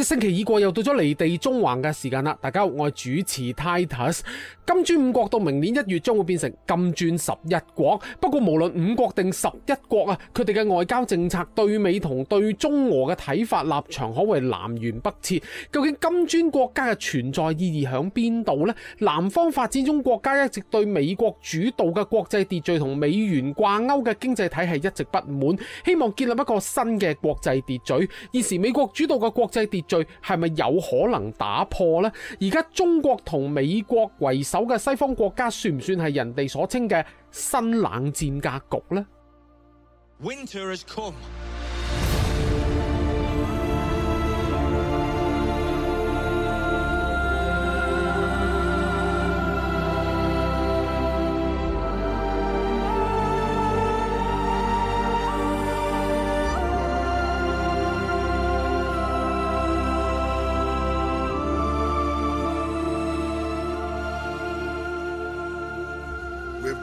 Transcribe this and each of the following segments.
一星期已過，又到咗離地縱橫嘅時間啦！大家好，我係主持 Titus。金磚五國到明年一月將會變成金磚十一國。不過無論五國定十一國啊，佢哋嘅外交政策、對美同對中俄嘅睇法、立場，可謂南轅北轍。究竟金磚國家嘅存在意義喺邊度呢？南方發展中國家一直對美國主導嘅國際秩序同美元掛鈎嘅經濟體系一直不滿，希望建立一個新嘅國際秩序。現時美國主導嘅國際秩序係咪有可能打破呢？而家中國同美國為首嘅西方國家，算唔算係人哋所稱嘅新冷戰格局呢？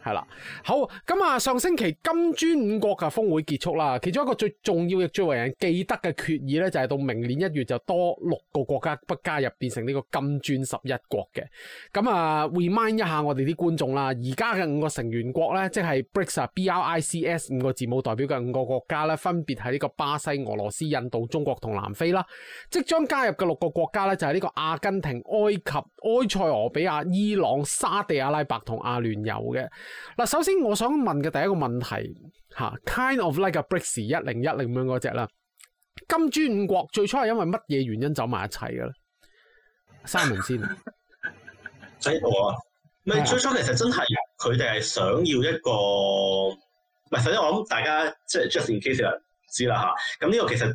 係啦，好咁啊、嗯！上星期金磚五國嘅峰會結束啦。其中一個最重要嘅亦最為人記得嘅決議咧，就係、是、到明年一月就多六個國家不加入變成呢個金磚十一國嘅。咁啊，remind 一下我哋啲觀眾啦。而家嘅五個成員國咧，即係 Brics 啊，B R I C S 五個字母代表嘅五個國家咧，分別係呢個巴西、俄羅斯、印度、中國同南非啦。即將加入嘅六個國家咧，就係、是、呢個阿根廷、埃及、埃塞俄比亞、伊朗、沙地阿拉伯同阿聯酋嘅。嗱，首先我想問嘅第一個問題吓，Kind of Like a Bricks 一零一零咁樣嗰隻啦，金磚五國最初係因為乜嘢原因走埋一齊嘅咧？Simon 先，喺我啊，咪最初其實真係佢哋係想要一個，唔係，首先我諗大家即係 Just in case 啦，知啦吓，咁呢個其實。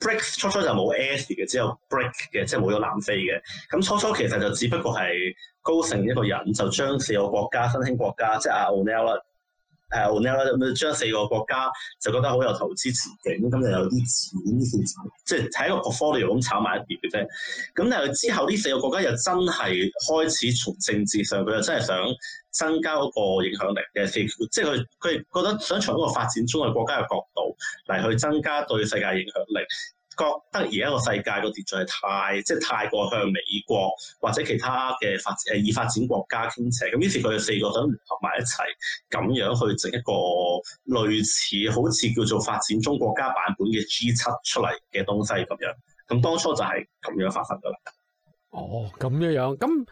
BRIC，初初就冇 S 嘅，只有 BRIC 嘅，即係冇咗南非嘅。咁初初其實就只不過係高盛一個人就將四個國家、新興國家，即係阿 O’Neill 啦，誒 O’Neill 啦，咁將四個國家就覺得好有投資前景，咁就有啲錢，即係喺個 portfolio 咁炒埋一碟嘅啫。咁但係之後呢四個國家又真係開始從政治上佢又真係想。增加嗰個影響力嘅事，即係佢佢覺得想從一個發展中嘅國家嘅角度嚟去增加對世界影響力，覺得而家個世界個秩序係太即係太過向美國或者其他嘅發誒已發展國家傾斜，咁於是佢哋四個想合埋一齊，咁樣去整一個類似好似叫做發展中國家版本嘅 G 七出嚟嘅東西咁樣，咁當初就係咁樣發生噶啦。哦，咁樣樣咁。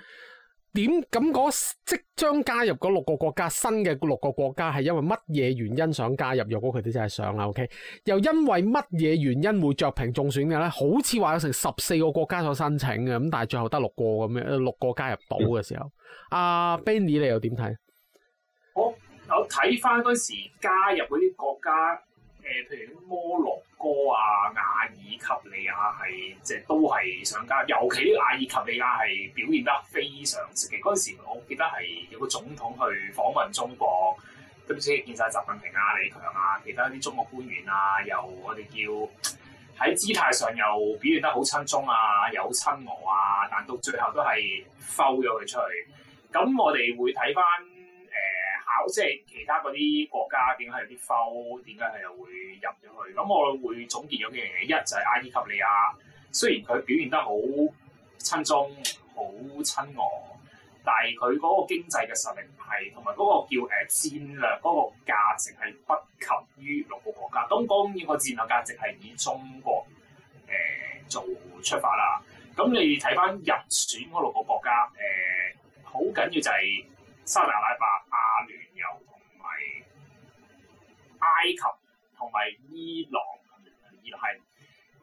點咁嗰即將加入嗰六個國家，新嘅六個國家係因為乜嘢原因想加入？如果佢哋真係想啦，OK。又因為乜嘢原因會着評中選嘅咧？好似話有成十四個國家想申請嘅，咁但係最後得六個咁樣，六個加入到嘅時候，阿、嗯 uh, Benny 你又點睇？我我睇翻嗰時加入嗰啲國家。誒，譬如摩洛哥啊、阿爾及利亞係即係都係上街，尤其啲阿爾及利亞係表現得非常積極。嗰陣時，我記得係有個總統去訪問中國，咁即係見晒習近平啊、李強啊，其他啲中國官員啊，又我哋叫喺姿態上又表現得好親中啊，又好親俄啊，但到最後都係 fail 咗佢出去。咁我哋會睇翻誒。呃即係其他嗰啲國家，點解有啲浮？點解係又會入咗去？咁我會總結咗嘅樣嘢。一就係阿爾及利亞，雖然佢表現得好親中、好親俄，但係佢嗰個經濟嘅實力唔係同埋嗰個叫誒戰略嗰個價值係不及於六個國家。咁當然個戰略價值係以中國誒、呃、做出發啦。咁你睇翻入選嗰六個國家誒，好、呃、緊要就係沙特阿拉伯。埃及同埋伊朗，而係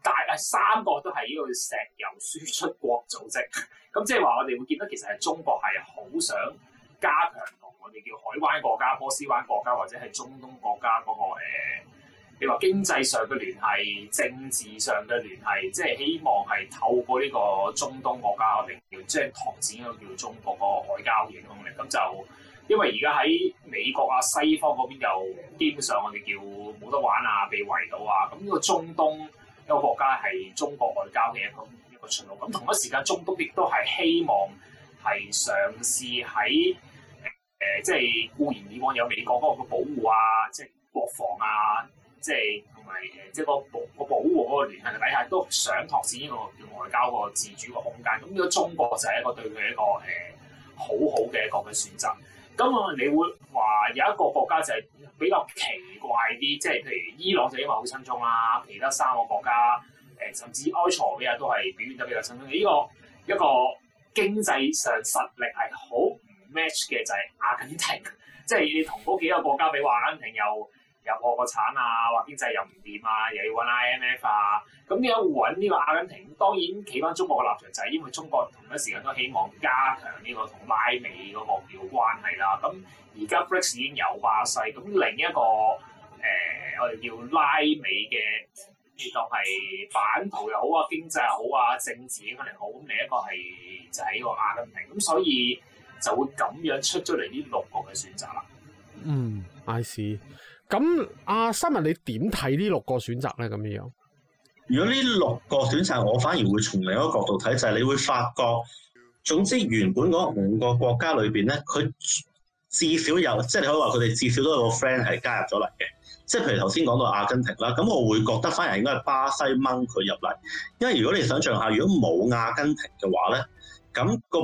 大誒三個都係呢個石油輸出國組織。咁即係話我哋會見到，其實係中國係好想加強同我哋叫海灣國家、波斯灣國家或者係中東國家嗰個誒，你話經濟上嘅聯繫、政治上嘅聯繫，即係希望係透過呢個中東國家，我哋叫即係拓展呢個叫中國個外交嘅能力。咁就。因為而家喺美國啊、西方嗰邊又基本上我哋叫冇得玩啊，被圍到啊。咁、嗯、呢、呢個中東一個國家係中國外交嘅一個一個出路。咁、嗯、同一時間，中東亦都係希望係嘗試喺誒即係固然以往有美國嗰個保護啊，即係國防啊，即係同埋誒即係個保保護嗰個聯繫底下，都想拓展呢個外交、個自主個空間、嗯這個空間。咁呢個中國就係一個對佢一個誒、呃、好好嘅一個嘅選擇。咁我你會話有一個國家就係比較奇怪啲，即係譬如伊朗就因為好親中啦，其他三個國家誒甚至埃塞俄比亞都係表現得比較親中嘅。依、這個一個經濟上實力係好唔 match 嘅就係、是、阿根廷，即係你同嗰幾個國家比話阿根廷又。又破個產啊！或經濟又唔掂啊！又要揾 I M F 啊！咁點解會揾呢個阿根廷？當然企翻中國嘅立場就係因為中國同一時間都希望加強呢個同拉美嘅目標關係啦，啊。咁而家 BRICS 已經有巴西，咁另一個誒、呃，我哋叫拉美嘅，你當係版圖又好啊，經濟又好啊，政治可能好咁，另一個係就係呢個阿根廷。咁所以就會咁樣出咗嚟呢六個嘅選擇啦。嗯，I see 咁阿 Simon，你點睇呢六個選擇咧？咁樣樣，如果呢六個選擇，我反而會從另一個角度睇，就係你會發覺，總之原本嗰五個國家裏邊咧，佢至少有，即係你可以話佢哋至少都有個 friend 係加入咗嚟嘅。即係譬如頭先講到阿根廷啦，咁我會覺得反而應該係巴西掹佢入嚟，因為如果你想象下，如果冇阿根廷嘅話咧，咁個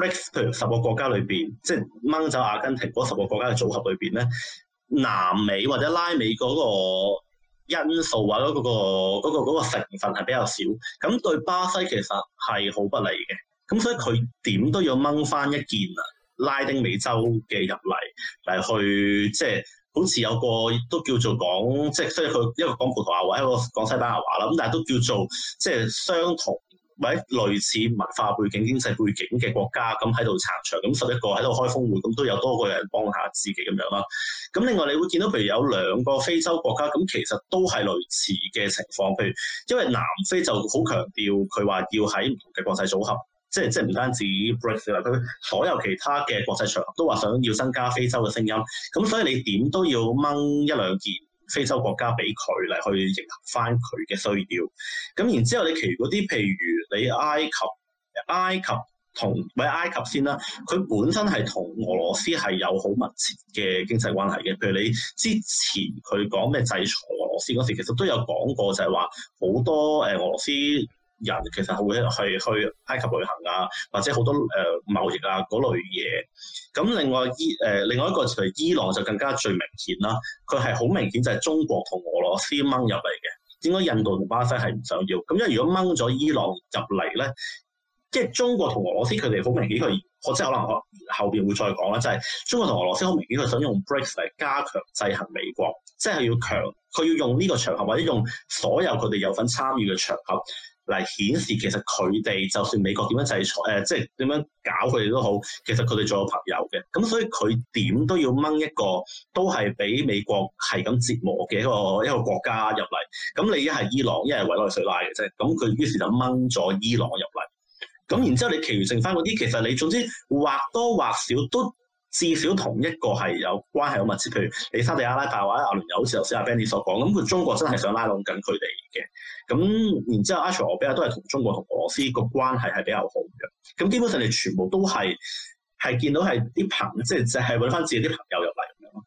break 譬如十個國家裏邊，即係掹走阿根廷嗰十個國家嘅組合裏邊咧。南美或者拉美嗰個因素或者嗰個嗰個嗰個成分係比較少，咁對巴西其實係好不利嘅。咁所以佢點都要掹翻一件拉丁美洲嘅入嚟嚟去，即係好似有個都叫做講，即係所以佢一個講葡萄牙話，一個講西班牙話啦。咁但係都叫做即係相同，或者類似文化背景、經濟背景嘅國家咁喺度撐場，咁十一個喺度開峯會，咁都有多個人幫下自己咁樣啦。咁另外你會見到，譬如有兩個非洲國家，咁其實都係類似嘅情況。譬如因為南非就好強調，佢話要喺唔同嘅國際組合，即係即係唔單止 BRICS 啦，佢所有其他嘅國際場合都話想要增加非洲嘅聲音。咁所以你點都要掹一兩件。非洲國家俾佢嚟去迎合返佢嘅需要，咁然之後你其餘嗰啲，譬如你埃及、埃及、埃及同咪埃及先啦，佢本身係同俄羅斯係有好密切嘅經濟關係嘅。譬如你之前佢講咩制裁俄羅斯嗰時，其實都有講過，就係話好多誒俄羅斯。人其實會去去埃及旅行啊，或者好多誒、呃、貿易啊嗰類嘢。咁另外伊誒、呃、另外一個就係伊朗就更加最明顯啦，佢係好明顯就係中國同俄羅斯掹入嚟嘅。點解印度同巴西係唔想要？咁因為如果掹咗伊朗入嚟咧，即係中國同俄羅斯佢哋好明顯佢，我知可能我後邊會再講啦，就係中國同俄羅斯好明顯佢想用 BRICS 嚟加強制衡美國，即係要強佢要用呢個場合或者用所有佢哋有份參與嘅場合。嚟顯示其實佢哋就算美國點樣制裁，誒、呃、即係點樣搞佢哋都好，其實佢哋仲有朋友嘅。咁所以佢點都要掹一個都係俾美國係咁折磨嘅一個一個、一個國家入嚟。咁你一係伊朗，一係委內瑞拉嘅啫。咁佢於是就掹咗伊朗入嚟。咁然之後你其餘剩翻嗰啲，其實你總之或多或少都。至少同一個係有關係好密切。譬如你沙地阿拉伯或者阿聯酋，好似頭先阿 Benny 所講，咁佢中國真係想拉攏緊佢哋嘅。咁然之後，後埃塞俄比亞都係同中國同俄羅斯個關係係比較好嘅。咁基本上你全部都係係見到係啲朋，友、就係朋友啊，即係就係搵返自己啲朋友入嚟咁咯。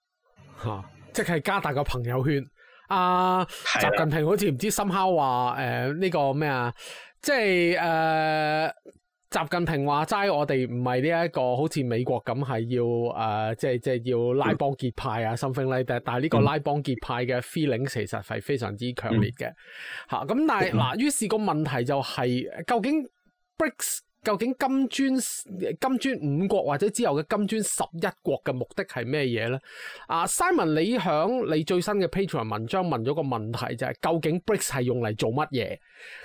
嚇！即係加大個朋友圈。阿、uh, 的習近平好似唔知深刻話誒呢個咩啊？即係誒。Uh, 習近平話齋，我哋唔係呢一個好似美國咁係要誒、呃，即係即係要拉幫結派啊，something like that。但係呢個拉幫結派嘅 feeling 其實係非常之強烈嘅，吓咁、嗯嗯。但係嗱，於、嗯、是個問題就係、是、究竟 BRICS。究竟金磚金磚五國或者之後嘅金磚十一國嘅目的係咩嘢咧？啊，Simon，你響你最新嘅 Patreon 文章問咗個問題啫，就係、究竟 Bricks 係用嚟做乜嘢？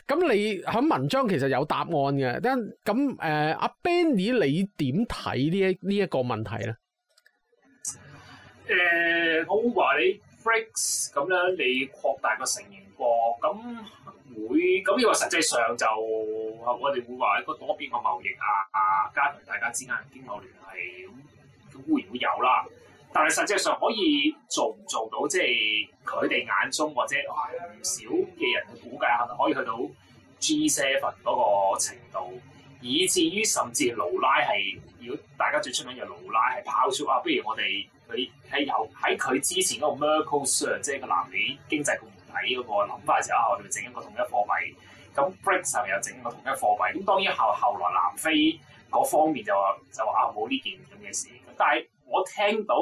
咁你喺文章其實有答案嘅。咁誒，阿、呃啊、Benny，你點睇呢一呢一個問題咧？誒、呃，我話 breaks 咁樣你擴大個成員國咁會咁，亦話實際上就我哋會話一個多邊個貿易啊，啊，加強大家之間經貿聯繫咁，咁會唔會有啦？但係實際上可以做唔做到，即係佢哋眼中或者唔少嘅人嘅估計可能可以去到 G7 嗰個程度，以至於甚至盧拉係，如果大家最出名嘅盧拉係炮轟啊，不如我哋。佢喺由喺佢之前嗰個 Mercosur 即係個南美經濟共體嗰個諗法嘅時候啊，我哋整一個統一貨幣咁 Bricks 又整一個統一貨幣。咁當然後後來南非嗰方面就話就話啊冇呢件咁嘅事。但係我聽到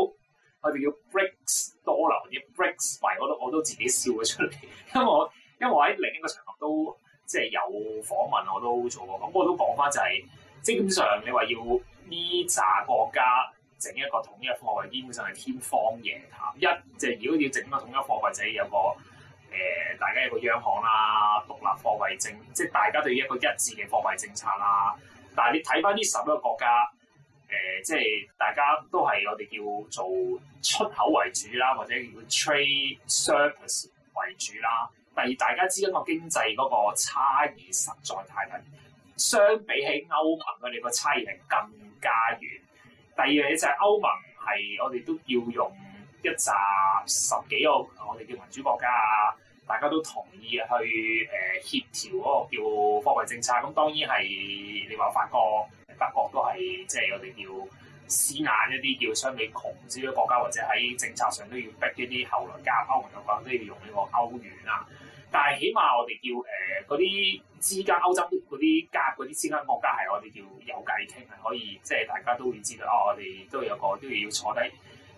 佢哋叫 Bricks 多留啲 Bricks 幣，我都我都自己笑咗出嚟，因為我因為我喺另一個場合都即係有訪問，我都做過咁，我都講翻就係、是、正常你話要呢扎國家。整一個統一貨幣基本上係天方夜譚。一，即係如果要整個統一貨幣，就要有個誒、呃，大家有一個央行啦，獨立貨幣政，即係大家對於一個一致嘅貨幣政策啦。但係你睇翻呢十一個國家，誒、呃，即係大家都係我哋叫做出口為主啦，或者叫 trade service 為主啦。第二，大家之間個經濟嗰個差異實在太大，相比起歐盟，佢哋個差異係更加遠。第二樣嘢就係、是、歐盟係我哋都要用一紮十幾個我哋叫民主國家啊，大家都同意去誒、呃、協調嗰個叫貨幣政策。咁當然係你話法國、德國都係即係我哋叫施壓一啲叫相比窮啲嘅國家，或者喺政策上都要逼一啲後來加入歐盟嘅國家都要用呢個歐元啊。但係起碼我哋叫誒嗰啲之間歐洲嗰啲家，嗰啲之間國家係我哋叫有偈傾，係可以即係大家都會知道，哦，我哋都有個都要坐低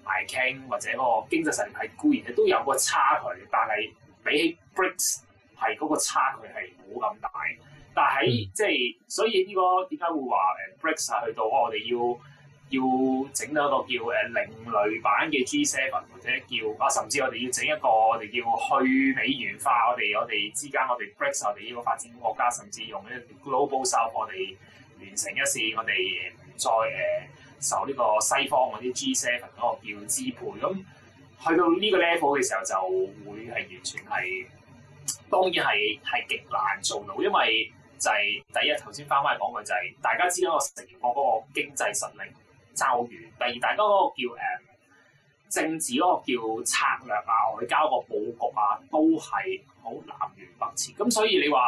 嚟傾，或者個經濟實力固然亦都有個差距，但係比起 BRICS 係嗰個差距係冇咁大。但係喺、嗯、即係，所以呢、呢個點解會話誒 BRICS 係去到、哦、我哋要要整到一個叫誒另類版嘅 G Seven，或者叫啊，甚至我哋要整一個我哋叫去美元化。我哋我哋之間我哋 BRICS 我哋呢個發展國家，甚至用呢 Global South，我哋完成一次，我哋再誒、呃、受呢個西方嗰啲 G Seven 嗰個叫支配。咁去到呢個 level 嘅時候，就會係完全係當然係係極難做到，因為就係第一頭先返嚟講嘅就係、是、大家知道我成日講嗰個經濟實力。咒怨，第二大家嗰個叫誒政治嗰個叫策略啊，外交個佈局啊，都係好南轅北轍。咁所以你話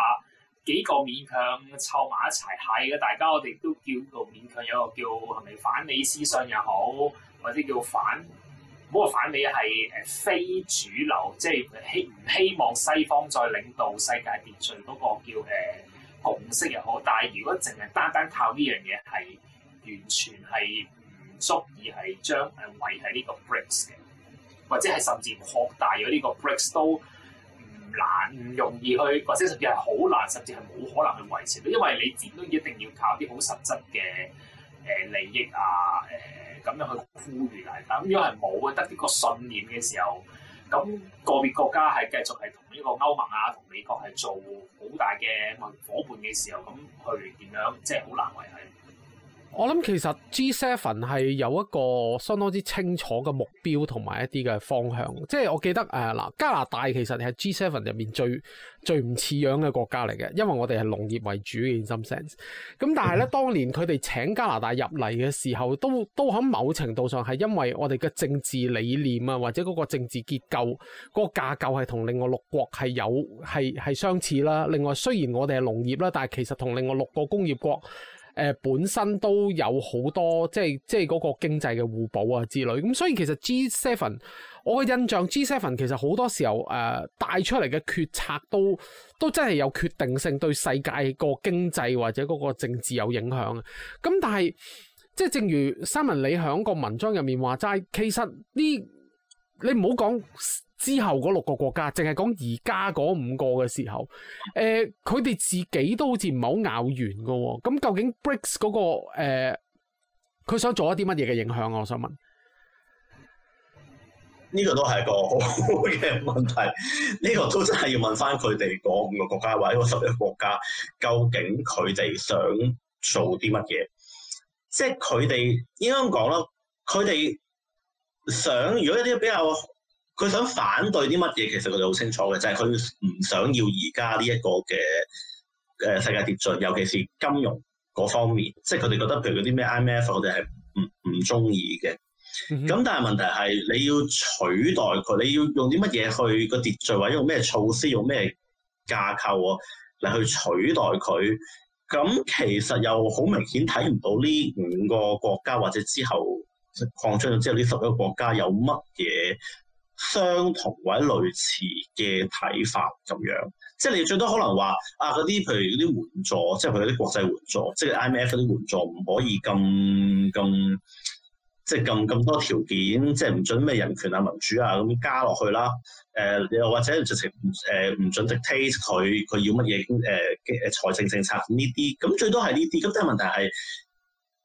幾個勉強湊埋一齊係嘅，大家我哋都叫做勉強，有個叫係咪反美思想又好，或者叫反，唔好話反美係誒非主流，即係希唔希望西方再領導世界秩序嗰個叫誒共識又好。但係如果淨係單單靠呢樣嘢係。完全係唔足以係將誒維繫呢個 BRICS 嘅，或者係甚至擴大咗呢個 BRICS 都唔難，唔容易去，或者甚至係好難，甚至係冇可能去維持。因為你點都一定要靠啲好實質嘅誒利益啊，誒咁、呃、樣去呼籲大家。咁如果係冇得呢個信念嘅時候，咁、那個別國家係繼續係同呢個歐盟啊、同美國係做好大嘅盟夥伴嘅時候，咁去點樣即係好難維係。我諗其實 G7 係有一個相當之清楚嘅目標同埋一啲嘅方向，即係我記得誒嗱、呃、加拿大其實係 G7 入面最最唔似樣嘅國家嚟嘅，因為我哋係農業為主嘅 in some sense。咁但係呢，嗯、當年佢哋請加拿大入嚟嘅時候，都都喺某程度上係因為我哋嘅政治理念啊，或者嗰個政治結構、嗰、嗰個架構係同另外六國係有係係相似啦。另外雖然我哋係農業啦，但係其實同另外六個工業國。誒、呃、本身都有好多即係即係嗰個經濟嘅互補啊之類，咁、嗯、所以其實 G Seven 我嘅印象 G Seven 其實好多時候誒、呃、帶出嚟嘅決策都都真係有決定性，對世界個經濟或者嗰個政治有影響，咁、嗯、但係即係正如 Simon 你喺個文章入面話齋，其實呢你唔好講。之後嗰六個國家，淨係講而家嗰五個嘅時候，誒、呃，佢哋自己都好似唔係好咬完㗎喎。咁究竟 BRICS 嗰、嗰個佢、呃、想做一啲乜嘢嘅影響？我想問，呢個都係一個好嘅問題。呢、呢個都真係要問翻佢哋嗰五個國家或者嗰十一個國家，究竟佢哋想做啲乜嘢？即係佢哋應該講啦，佢哋想如果一啲比較。佢想反對啲乜嘢？其實佢哋好清楚嘅，就係佢唔想要而家呢一個嘅嘅世界秩序，尤其是金融嗰方面。即係佢哋覺得，譬如嗰啲咩 IMF，我哋係唔唔中意嘅。咁但係問題係，你要取代佢，你要用啲乜嘢去個秩序，或者用咩措施，用咩架構啊嚟去取代佢？咁其實又好明顯睇唔到呢五個國家，或者之後擴張咗之後呢十一個國家有乜嘢相同或者類似嘅睇法咁樣，即係你最多可能話啊嗰啲，譬如嗰啲援助，即係譬如嗰啲國際援助，即係 IMF 嗰啲援助，唔可以咁咁，即係咁咁多條件，即係唔準咩人權啊民主啊咁加落去啦。誒、呃、又或者直情誒唔準 dictate 佢佢要乜嘢誒誒財政政策呢啲，咁最多係呢啲。咁但係問題係。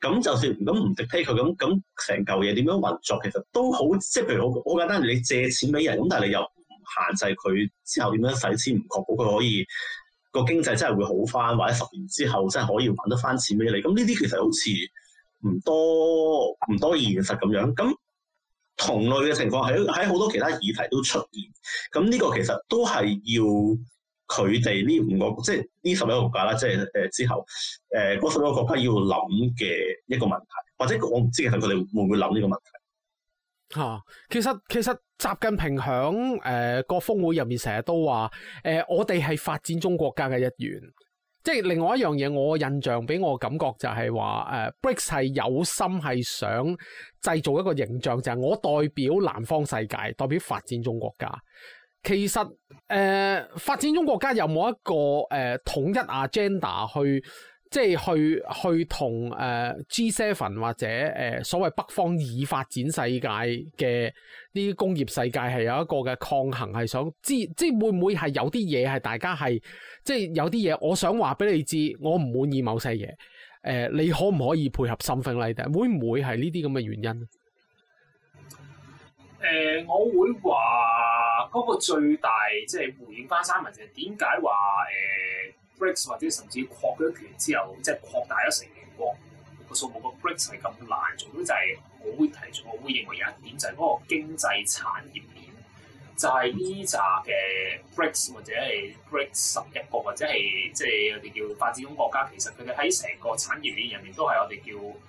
咁就算唔咁唔敵批佢咁，咁成嚿嘢點樣運作其實都好，即係譬如我我簡單，你借錢俾人，咁但係你又唔限制佢之後點樣使錢，唔確保佢可以，個經濟真係會好返，或者十年之後真係可以揾得返錢俾你，咁呢啲其實好似唔多唔多現實咁樣。咁同類嘅情況喺喺好多其他議題都出現，咁呢個其實都係要，佢哋呢五個，即係呢十一個國家啦，即係誒之後誒嗰十一個國家要諗嘅一個問題，或者我唔知其實佢哋會唔會諗呢個問題嚇、啊。其實其實習近平響誒國峯會入面成日都話誒、呃，我哋係發展中國家嘅一員。即、就、係、是、另外一樣嘢，我印象俾我感覺就係話誒、呃、，BRICS 係有心係想製造一個形象，就係、是、我代表南方世界，代表發展中國家。其實誒、呃，發展中國家有冇一個誒、呃、統一 agenda 去即係去去同誒 G Seven 或者誒、呃、所謂北方已發展世界嘅呢啲工業世界係有一個嘅抗衡，係想知即係會唔會係有啲嘢係大家係即係有啲嘢，我想話俾你知，我唔滿意某些嘢誒、呃，你可唔可以配合 something like that？會唔會係呢啲咁嘅原因？誒、呃，我會話。嗰個最大即係回應翻 Simon 就，就、呃、係點解話誒 BRICS 或者甚至擴咗權之後，即係擴大咗成員國個數目個 BRICS 係咁難做？就係、是、我會提出，我會認為有一點就係嗰個經濟產業鏈就係呢紮嘅 BRICS 或者係 BRICS 十一個或者係即係我哋叫發展中國家，其實佢哋喺成個產業鏈入面都係我哋叫。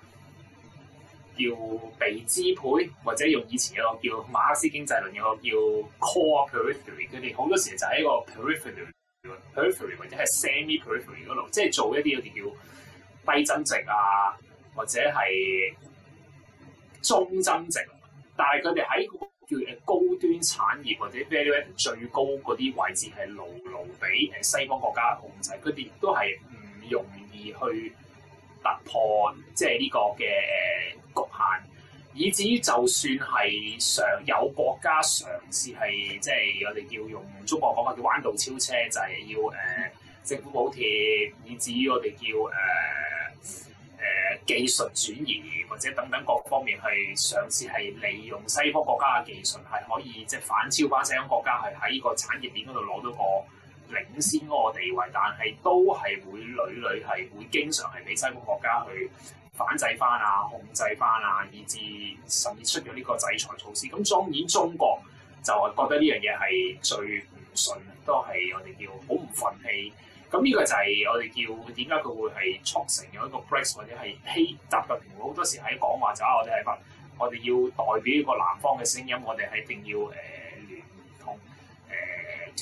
叫被支配，或者用以前一個叫馬克思經濟論嘅一個叫 core periphery，佢哋好多時就喺一個 periphery，periphery 或者係 semi-periphery 嗰度，即係做一啲啲叫低增值啊，或者係中增值，但係佢哋喺叫嘅高端產業或者 value at 最高嗰啲位置係牢牢俾誒西方國家控制，佢哋都係唔容易去。突破即係呢個嘅局限，以至於就算係常有國家嘗試係即係我哋叫用中國講法叫彎道超車，就係、是、要誒、呃、政府補貼，以至於我哋叫誒誒、呃呃、技術轉移或者等等各方面去嘗試係利用西、西方國家嘅技術，係可以即係反超翻西方國家係喺呢個產業鏈嗰度攞到個領先嗰個地位，但係都係會屢屢係會經常係俾西方國家去反制翻啊、控制翻啊，以至甚至出咗呢個制裁措施。咁當然中國就覺得呢樣嘢係最唔順，都係我哋叫好唔憤氣。咁、嗯、呢、這個就係我哋叫點解佢會係促成咗一個 break 或者係欺襲嘅平台。好多時喺講話就啊、是，我哋喺問，我哋要代表一個南方嘅聲音，我哋係一定要誒。呃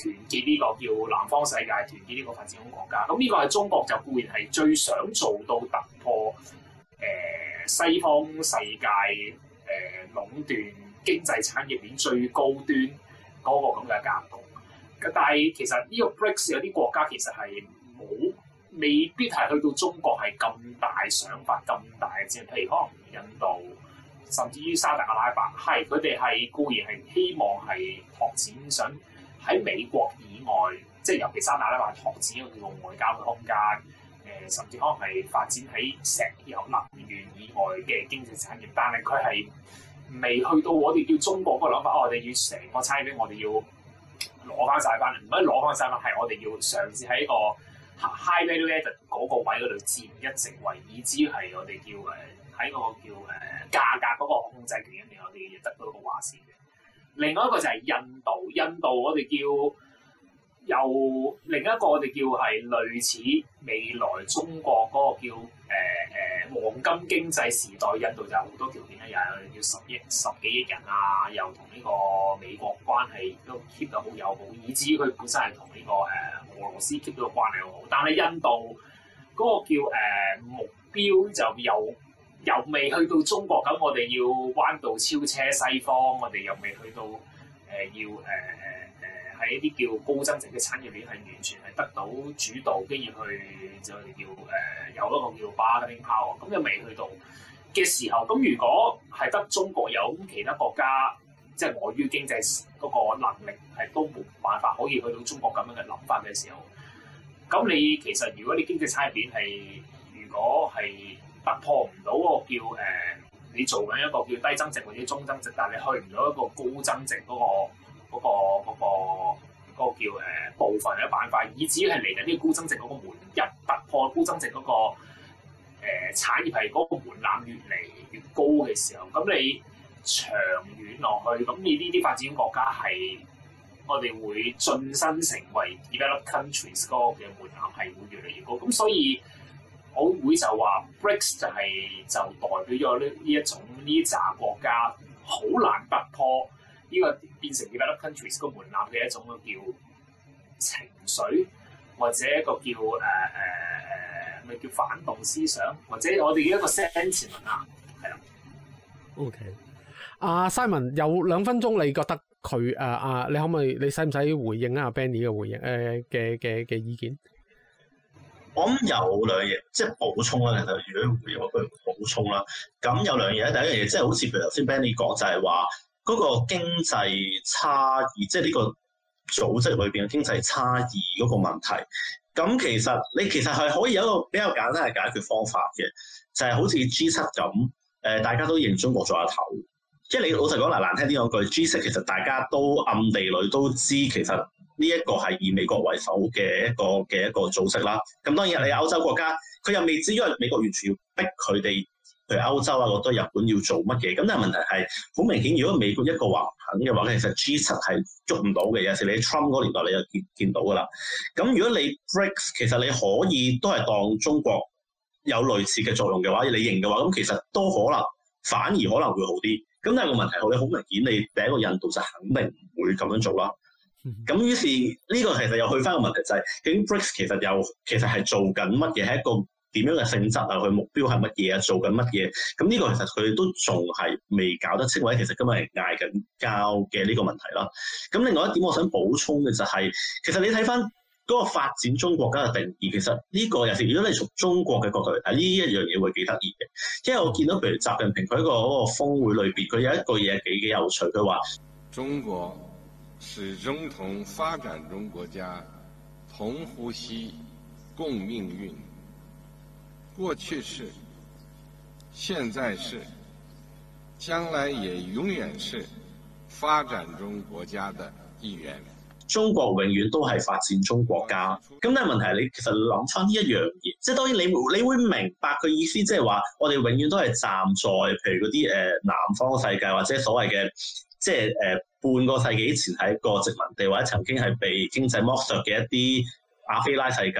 團結呢個叫南方世界，團結呢個發展中國家。咁、這、呢個係中國就固然係最想做到突破誒、呃、西方世界誒、呃、壟斷經濟產業鏈最高端嗰個咁嘅監控。但係其實呢個 BRICS 有啲國家其實係冇未必係去到中國係咁大想法、咁大嘅志。譬如可能印度，甚至於沙特阿拉伯，係佢哋係固然係希望係拓展想。喺美國以外，即係尤其三拿咧話拓展一個外交嘅空間，誒、呃，甚至可能係發展喺石油能源以外嘅經濟產業，但係佢係未去到我哋叫中國嗰個諗法，我哋要成個產業我哋要攞翻晒翻嚟，唔可以攞翻曬翻，係我哋要嘗試喺個 high value added 嗰個位嗰度佔一席位，以至於係我哋叫誒喺嗰個叫誒、啊、價格嗰個控制權入面，我哋要得到一個話事嘅。另外一個就係印度，印度我哋叫又另一個我哋叫係類似未來中國嗰個叫誒誒、呃、黃金經濟時代，印度就好多條件咧，又有叫十億十幾億人啊，又同呢個美國關係都 keep 得好友好，以至於佢本身係同呢個誒、呃、俄羅斯 keep 到關係又好，但係印度嗰個叫誒、呃、目標就有。又未去到中國咁，我哋要彎道超車西方，我哋又未去到誒、呃、要誒誒喺一啲叫高增值嘅產業鏈係完全係得到主導，跟住去就要誒、呃、有一個叫 Bargaining Power。咁、嗯、又未去到嘅時候，咁如果係得中國有，咁其他國家即係礙於經濟嗰個能力係都冇辦法可以去到中國咁樣嘅諗法嘅時候，咁你其實如果你經濟產業鏈係如果係，突破唔到個叫誒、呃，你做緊一個叫低增值或者中增值，但係你去唔到一個高增值嗰、嗰個嗰、嗰個、嗰個嗰個叫誒、呃、部分嘅板塊以至於係嚟緊呢個高增值嗰個門入突破高增值嗰、嗰個誒、呃、產業係嗰個門檻越嚟越高嘅時候，咁你長遠落去，咁你呢啲發展國家係我哋會晉身成為 developed countries 嘅門檻係會越嚟越高，咁所以。我會就話 BRICS 就係就代表咗呢呢一種呢一紮國家好難突破呢個變成 developed countries 個門檻嘅一種叫情緒，或者一個叫誒誒誒咩叫反動思想，或者我哋嘅一個 sentiment 啦，係啊。OK，阿、uh, Simon 有兩分鐘，你覺得佢誒阿你可唔可以你使唔使回應阿、啊、Benny 嘅回應誒嘅嘅嘅意見？我諗有兩嘢，即係補充啦。其實如果回我句補充啦，咁有兩嘢咧。第一樣嘢即係好似譬如頭先 Benny 講，就係話嗰個經濟差異，即係呢個組織裏邊嘅經濟差異嗰個問題。咁其實你其實係可以有一個比較簡單嘅解決方法嘅，就係好似 G 七咁，誒大家都認中國做阿頭，即係你老實講嚟難聽啲講句，G 七其實大家都暗地裏都知其實。呢一個係以美國為首嘅一個嘅一個組織啦。咁當然你歐洲國家，佢又未知，因為美國完全要逼佢哋去歐洲啊，或者日本要做乜嘢。咁但係問題係，好明顯，如果美國一個話肯嘅話，其實 G 七係捉唔到嘅。有時你喺 Trump 嗰年代，你就見見到㗎啦。咁如果你 break，s 其實你可以都係當中國有類似嘅作用嘅話，你贏嘅話，咁其實都可能反而可能會好啲。咁但係個問題好，你好明顯，你第一個印度就肯定唔會咁樣做啦。咁於是呢、呢個其實又去翻、就是個，啊、個，個問題就係，咁 BRICS 其實又其實係做緊乜嘢？係一個點樣嘅性質啊？佢目標係乜嘢啊？做緊乜嘢？咁呢個其實佢都仲係未搞得清位，其實今日係嗌緊交嘅呢個問題啦。咁另外一點我想補充嘅就係、是，其實你睇翻嗰個發展中國家嘅定義，其實呢、這個尤其是如果你從中國嘅角度嚟睇呢一樣嘢，會幾得意嘅，因為我見到譬如習近平佢個嗰個峯會裏邊，佢有一句嘢幾幾有趣，佢話：中國。始終同發展中國家同呼吸、共命運。過去是，現在是，將來也永遠是發展中國家的一員。中國永遠都係發展中國家。咁但係問題係你其實諗翻呢一樣嘢，即係當然你你會明白佢意思，即係話我哋永遠都係站在譬如嗰啲誒南方世界或者所謂嘅。即係誒、呃、半個世紀以前係一個殖民地，或者曾經係被經濟剝削嘅一啲亞非拉世界，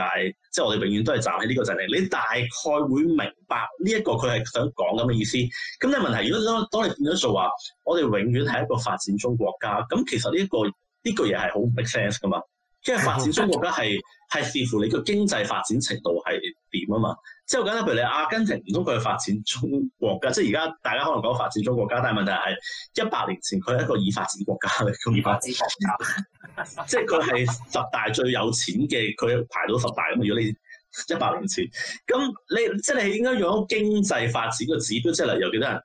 即係我哋永遠都係站喺呢個陣地。你大概會明白呢一個佢係想講咁嘅意思。咁有冇問題？如果當當你變咗數話，我哋永遠係一個發展中國家，咁其實呢、呢、一個呢、呢個嘢係好 make sense 㗎嘛？即係發展中國家係係視乎你個經濟發展程度係點啊嘛！即係我簡單，譬如你阿根廷唔通佢係發展中國家，即係而家大家可能講發展中國家，但係問題係一百年前佢係一個已發展國家嚟嘅，已發展國家，即係佢係十大最有錢嘅，佢排到十大咁如果你一百年前，咁你即係應該用經濟發展嘅指標，即係例如幾多人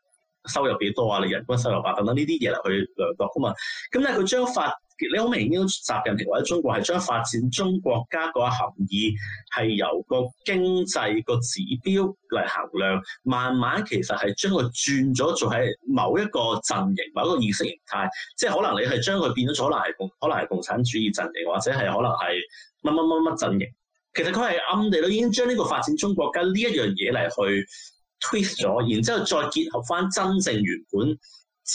收入幾多啊，你人均收入百等等呢啲嘢嚟去量度啊嘛！咁咧佢將發你好明顯，習近平或者中國係將發展中國家個含義係由個經濟個指標嚟衡量，慢慢其實係將佢轉咗做喺某一個陣營，某一個意識形態，即係可能你係將佢變咗，可能係共，可能係共產主義陣營，或者係可能係乜乜乜乜陣營。其實佢係暗地都已經將呢個發展中國家呢一樣嘢嚟去 twist 咗，然之後再結合翻真正原本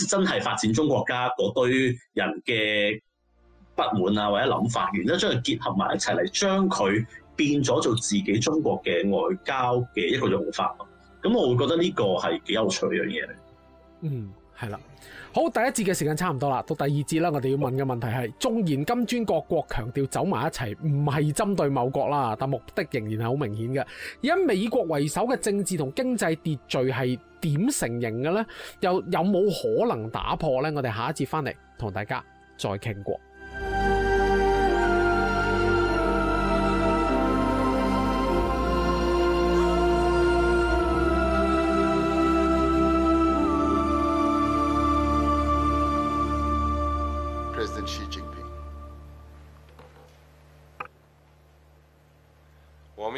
真係發展中國家嗰堆人嘅。不滿啊，或者諗法，然之後將佢結合埋一齊嚟，將佢變咗做自己中國嘅外交嘅一個用法。咁我會覺得呢個係幾有趣嘅嘢。嗯，係啦，好，第一節嘅時間差唔多啦，到第二節啦。我哋要問嘅問題係：縱然金磚各國強調走埋一齊，唔係針對某國啦，但目的仍然係好明顯嘅。以美國為首嘅政治同經濟秩序係點成型嘅呢？又有冇可能打破呢？我哋下一節翻嚟同大家再傾過。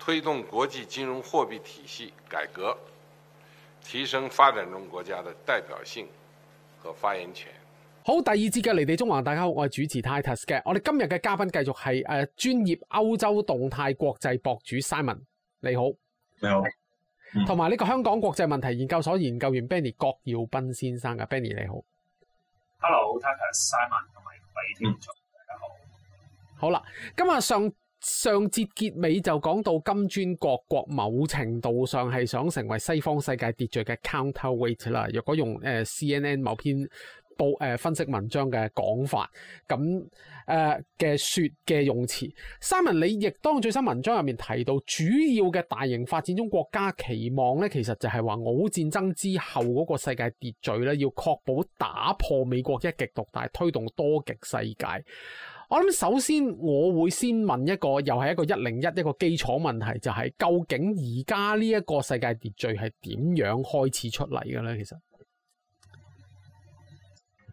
推動國際金融貨幣體系改革，提升發展中國家的代表性和發言權。好，第二節嘅離地縱橫，大家好，我係主持 Titus 嘅。我哋今日嘅嘉賓繼續係誒專業歐洲動態國際博主 Simon，你好。你好。同埋呢個香港國際問題研究所研究員 Benny 郭耀斌先生嘅 Benny 你好。Hello, Titus Simon 同埋魏天聰，大家好。嗯、好啦，今日上。上節結尾就講到金磚各國某程度上係想成為西方世界秩序嘅 counterweight 啦。若果用誒 C N N 某篇報誒分析文章嘅講法，咁誒嘅説嘅用詞，Simon 你亦當最新文章入面提到，主要嘅大型發展中國家期望咧，其實就係話武戰爭之後嗰個世界秩序咧，要確保打破美國一極獨大，推動多極世界。我諗首先我會先問一個又係一個一零一一個基礎問題，就係究竟而家呢一個世界秩序係點樣開始出嚟嘅咧？其實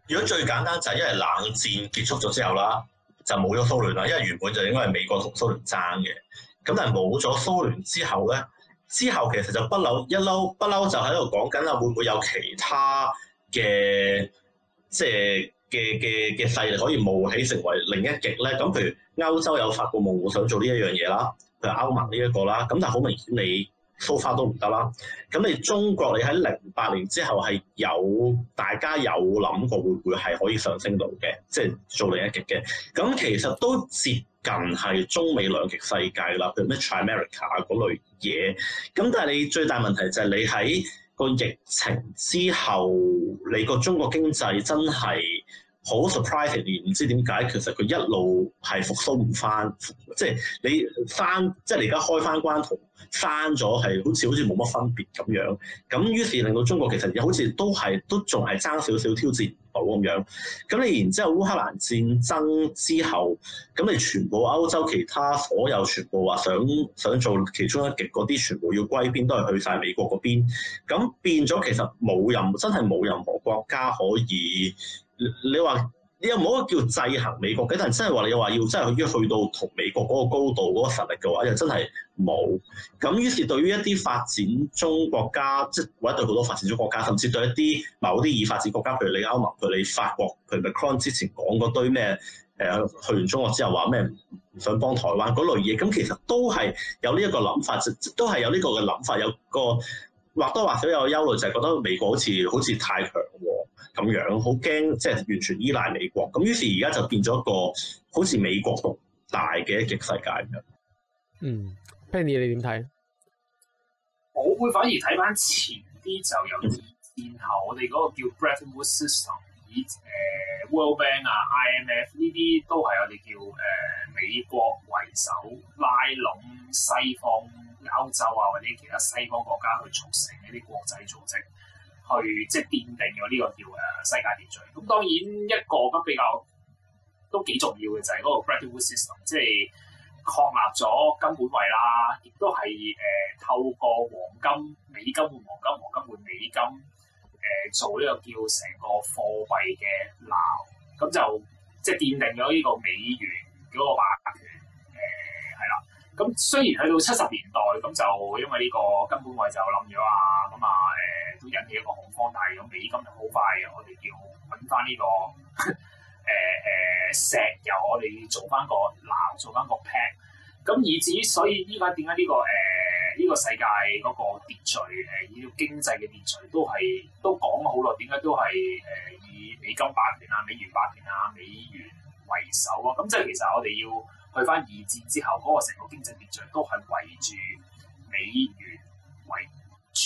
如果最簡單就係因為冷戰結束咗之後啦，就冇咗蘇聯啦，因為原本就應該係美國同蘇聯爭嘅。咁但係冇咗蘇聯之後咧，之後其實就，就會不嬲一嬲不嬲就喺度講緊啦，會唔會有其他嘅即係？嘅嘅嘅勢力可以冒起成為另一極咧，咁譬如歐洲有發過夢想做呢一樣嘢啦，譬如歐盟呢一個啦，咁但係好明顯你 so far 都唔得啦。咁你中國你喺零八年之後係有大家有諗過會唔會係可以上升到嘅，即係做另一極嘅。咁其實都接近係中美兩極世界啦，譬如咩 Tramerica 嗰類嘢。咁但係你最大問題就係你喺個疫情之後，你個中國經濟真係好 surprising，而唔知點解其實佢一路係復甦唔翻，即係你翻，即係你而家開關翻關同翻咗係好似好似冇乜分別咁樣，咁於是令到中國其實又好似都係都仲係爭少少挑戰。咁樣，咁你然之後，後烏克蘭戰爭之後，咁你全部歐洲其他所有全部話想想做其中一極嗰啲，全部要歸邊都係去晒美國嗰邊，咁變咗其實冇任真係冇任何國家可以，你你話。你又冇一個叫制衡美國嘅，但係真係話你又話要真係去一去到同美國嗰個高度、嗰、嗰個實力嘅話，又真係冇。咁於是對於一啲發展中國家，即係或者對好多發展中國家，甚至對一啲某啲已發展國家，譬如你歐盟、譬如你法國、譬如 Macron 之前講嗰堆咩，誒去完中國之後話咩唔想幫台灣嗰類嘢，咁其實都係有呢一個諗法，都係有呢個嘅諗法，有個或多或少有憂慮，就係、係、覺得美國好似好似太強喎。咁樣好驚，即係完全依賴美國。咁於是而家就變咗一個好似美國獨大嘅一極世界咁樣。嗯，Penny 你點睇？我會反而睇翻前啲就有，嗯、然後我哋嗰個叫 Bretton Woods System 以誒 World Bank 啊、IMF 呢啲都係我哋叫誒美國為首拉攏西方、歐洲啊或者其他西方國家去促成一啲國際組織。去即係奠定咗呢個叫誒世界秩序。咁當然一個咁比較都幾重要嘅就係嗰個 Bretton Woods System 即係確立咗金本位啦，亦都係誒透過黃金、美金換黃金、黃金換美金誒、呃、做呢個叫成個貨幣嘅鬧咁就即係奠定咗呢個美元嗰個霸權。咁雖然去到七十年代，咁就因為呢個金本位就冧咗啊，咁啊誒都引起一個恐慌，但係咁美金就好快，我哋要揾翻呢個誒誒、 呃呃、石油，我哋做翻個籃，做翻個 pack 咁以至於所以依、這個點解呢個誒呢個世界嗰個秩序誒經濟嘅秩序都係都講好耐，點解都係誒以美金霸權啊、美元霸權啊、美元為首啊，咁即係其實我哋要。去翻二戰之後，嗰、那個成個經濟現象都係圍住美元為轉。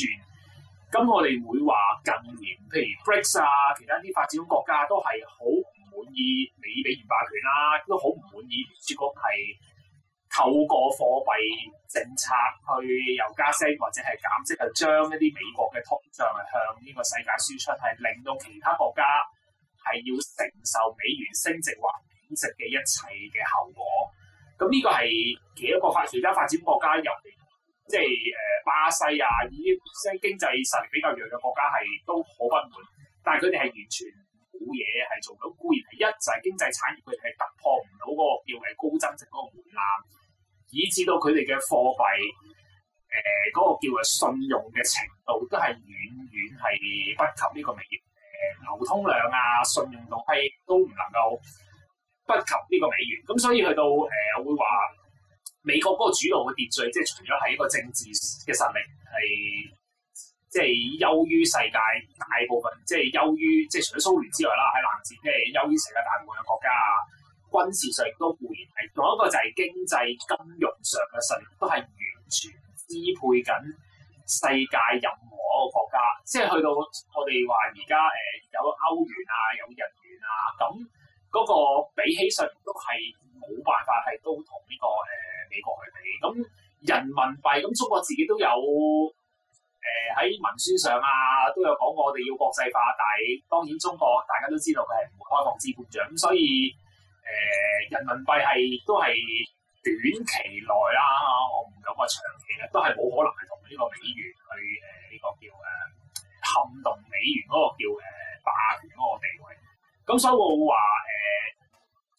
咁我哋會話近年，譬如 BRICS 啊，其他啲發展中國家都係好唔滿意美美元霸權啦，都好唔滿意，主局係透過貨幣政策去由加息或者係減息，就將、是、一啲美國嘅通脹向呢個世界輸出，係令到其他國家係要承受美元升值話。增嘅一切嘅後果，咁呢個係其一個發全家發展國家，入嚟、就是。即係誒巴西啊，依啲經濟實力比較弱嘅國家係都好不滿。但係佢哋係完全冇嘢係做到。固然係一就係、是、經濟產業，佢哋係突破唔到嗰個叫係高增值嗰個門檻，以至到佢哋嘅貨幣誒嗰、呃那個叫係信用嘅程度都係遠遠係不及呢個美元誒流通量啊，信用度係都唔能夠。不及呢個美元咁，所以去到誒，欸、我會話美國嗰個主導嘅秩序，即係除咗係一個政治嘅實力係即係優於世界大部分，即係優於即係除咗蘇聯之外啦，喺冷戰即係優於世界大部分嘅國家啊。軍事上亦都固然係，仲有一個就係經濟金融上嘅實力都係完全支配緊世界任何一個國家。即係去到我哋話而家誒有歐元啊，有日元啊咁。嗰個比起上都係冇辦法係都同呢、這個誒、呃、美國去比，咁人民幣咁中國自己都有誒喺、呃、文宣上啊都有講過我哋要國際化，但係當然中國大家都知道佢係唔會開放資本帳，咁所以誒、呃、人民幣係都係短期內啦，我唔敢話長期咧，都係冇可能係同呢個美元去誒呢、呃這個叫誒撼動美元嗰個叫誒霸權嗰個地位。咁、嗯、所以我話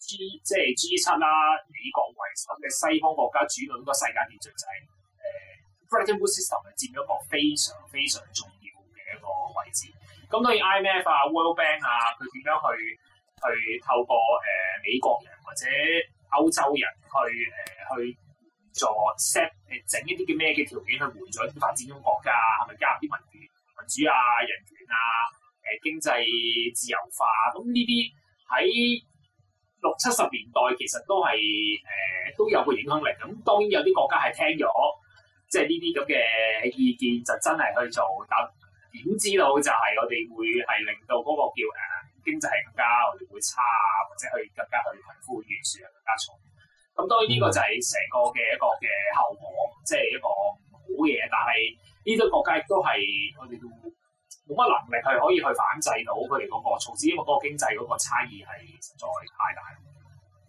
誒 G 即係 G7 啦，美國為首嘅西方國家主導嗰個世界秩、就、序、是，誒、呃、，financial system 係佔咗一個非常非常重要嘅一個位置。咁、嗯、當然 IMF 啊、World Bank 啊，佢點樣去去透過誒、呃、美國人或者歐洲人去誒、呃、去助 set 誒整一啲叫咩嘅條件去援助啲發展中國家，係咪加入啲民主民主啊、人權啊？誒經濟自由化，咁呢啲喺六七十年代其實都係誒、呃、都有個影響力。咁當然有啲國家係聽咗，即係呢啲咁嘅意見就真係去做，但點知道就係我哋會係令到嗰個叫誒經濟係更加我哋會差或者去更加去貧富懸殊啊，更加重。咁當然呢個就係成個嘅一個嘅後果，即係一個唔好嘢。但係呢啲國家亦都係我哋都。冇乜能力係可以去反制到佢哋嗰個，總之因為嗰個經濟嗰個差異係實在太大。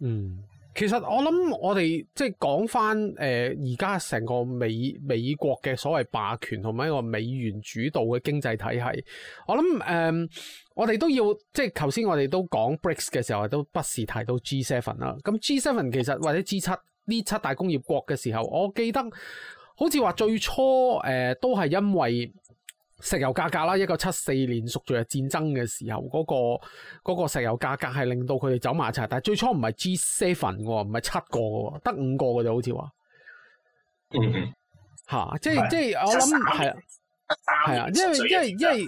嗯，其實我諗我哋即係講翻，誒而家成個美美國嘅所謂霸權同埋一個美元主導嘅經濟體系，我諗誒、嗯、我哋都要即係頭先我哋都講 BRICS 嘅時候，都不時提到 G seven 啦。咁 G seven 其實或者 G 七呢七大工業國嘅時候，我記得好似話最初誒、呃、都係因為。石油價格啦，一九七四年贖罪日戰爭嘅時候，嗰個嗰個石油價格係令到佢哋走埋一齊。但係最初唔係 G seven 嘅喎，唔係七個嘅喎，得五個嘅啫，好似話。嗯，即係即係，我諗係啊，係啊，因為因為因為。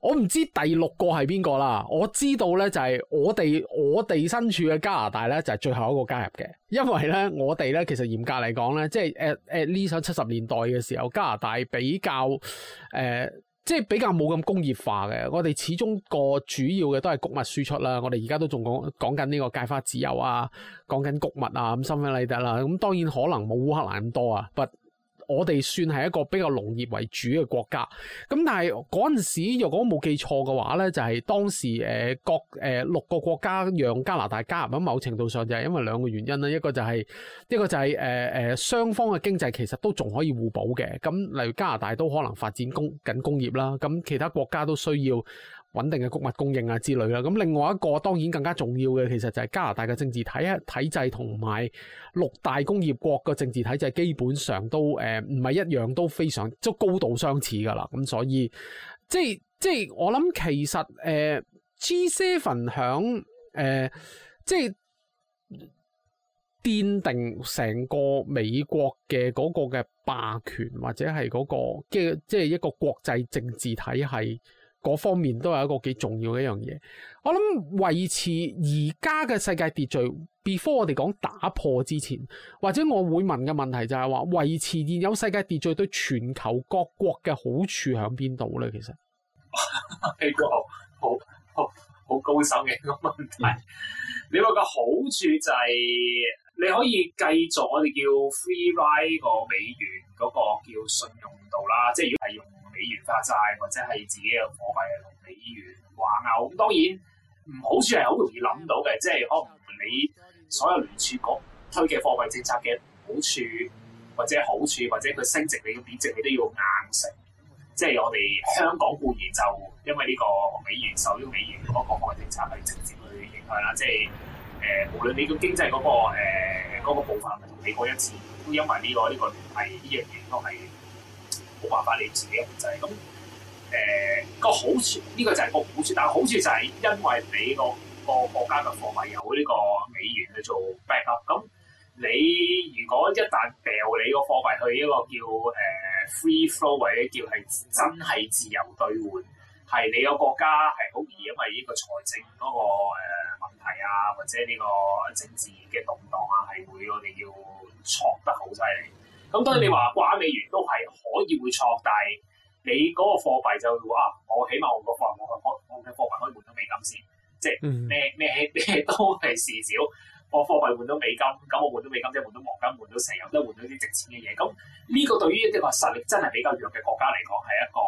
我唔知第六個係邊個啦，我知道咧就係、是、我哋我哋身處嘅加拿大咧就係、是、最後一個加入嘅，因為咧我哋咧其實嚴格嚟講咧，即係誒誒呢首七十年代嘅時候，加拿大比較誒、呃、即係比較冇咁工業化嘅，我哋始終個主要嘅都係穀物輸出啦，我哋而家都仲講講緊呢個芥花籽油啊，講緊穀物啊，咁 something like that 啦，咁當然可能冇烏克蘭咁多啊，but。我哋算係一個比較農業為主嘅國家，咁但係嗰陣時，若果冇記錯嘅話呢就係當時誒各誒、呃、六個國家讓加拿大加入，喺某程度上就係因為兩個原因啦，一個就係、是、一個就係誒誒雙方嘅經濟其實都仲可以互補嘅，咁、嗯、例如加拿大都可能發展工緊工業啦，咁、嗯、其他國家都需要。穩定嘅穀物供應啊之類啦，咁另外一個當然更加重要嘅，其實就係加拿大嘅政治體啊體制同埋六大工業國嘅政治體制，基本上都誒唔係一樣都非常都高度相似噶啦。咁所以即係即係我諗其實誒、呃，G Seven 響誒即係奠定成個美國嘅嗰個嘅霸權或者係嗰個嘅即係一個國際政治體系。嗰方面都係一個幾重要嘅一樣嘢。我諗維持而家嘅世界秩序，before 我哋講打破之前，或者我會問嘅問題就係話維持現有世界秩序對全球各國嘅好處喺邊度咧？其實呢個，好好好高手嘅一個問題。 你話個好處就係、是、你可以繼續我哋叫 free、er、ride 個美元嗰、那個叫信用度啦，即係如果係用。美元化債，或者係自己嘅貨幣係同美元掛鈎，咁當然唔好處係好容易諗到嘅，即係可能你所有聯儲局推嘅貨幣政策嘅好處，或者好處，或者佢升值你嘅貶值你都要硬食。即係我哋香港固然就因為呢個美元受呢個美元嗰個貨幣政策係直接去影響啦，即係誒、呃、無論你個經濟嗰、那個誒嗰、呃那個步伐同美國一致，都因為呢、這個呢、這個係呢樣嘢都係。冇辦法你自己控制，咁誒、呃、個好處呢、呢個就係個好處，但係好處就係因為你、個、個國家嘅貨幣有呢個美元去做 back up，咁你如果一旦掉你個貨幣去一個叫誒、呃、free flow 或者叫係真係自由兌換，係你個國家係好易因為呢個財政嗰個誒問題啊，或者呢個政治嘅動盪啊，係會我哋要挫得好犀利。咁當然你話掛美元都係可以會錯，但係你嗰個貨幣就會話，我起碼我個貨幣我可我嘅貨幣可以換到美金先，即係咩咩咩都係事小。我貨幣換到美金，咁我換到美金即係換到黃金，換到石油，得換到啲值錢嘅嘢。咁呢個對於一個、就係、實力真係比較弱嘅國家嚟講，係一個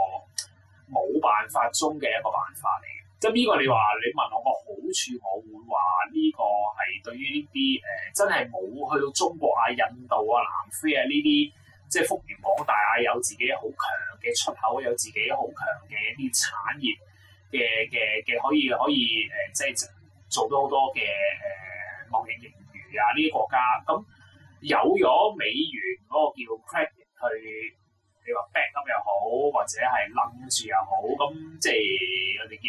冇辦法中嘅一個辦法嚟。即係呢個你話你問我個好處，我會話呢個係對於呢啲誒真係冇去到中國啊、印度啊、南非啊呢啲即係幅員廣大啊、大有自己好強嘅出口、有自己好強嘅一啲產業嘅嘅嘅可以可以誒、呃，即係做到好多嘅誒貿易盈餘啊呢啲國家，咁有咗美元嗰、那個叫 credit 去。你話 backup 又好，或者係冧住又好，咁、mm hmm。即係我哋叫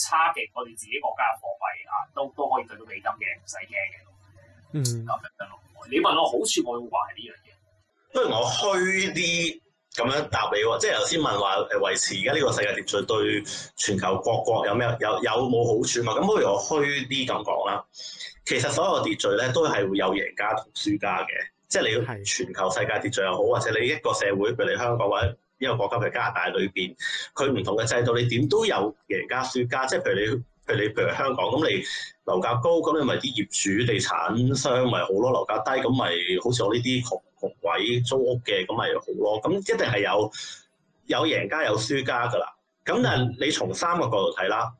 差極我哋自己國家嘅貨幣啊，都都可以對到美金嘅，唔使驚嘅。嗯、mm，咁就咯。你問我好處，我會話係呢樣嘢。不如我虛啲咁樣答你話，即係頭先問話誒維持而家呢個世界秩序對全球各國各有咩有有冇好處嘛？咁不如我虛啲咁講啦。其實所有秩序咧都係會有贏家同輸家嘅。即係你要全球世界秩序又好，或者你一個社會，譬如你香港或者一個國家，譬如加拿大裏邊，佢唔同嘅制度，你點都有贏家輸家。即係譬，譬如你，譬如你，譬如香港咁，你樓價高咁，你咪啲業主地產商咪好咯；樓價低咁咪好似我呢啲窮窮鬼租屋嘅咁咪好咯。咁一定係有有贏家有輸家㗎啦。咁但係你從三個角度睇啦，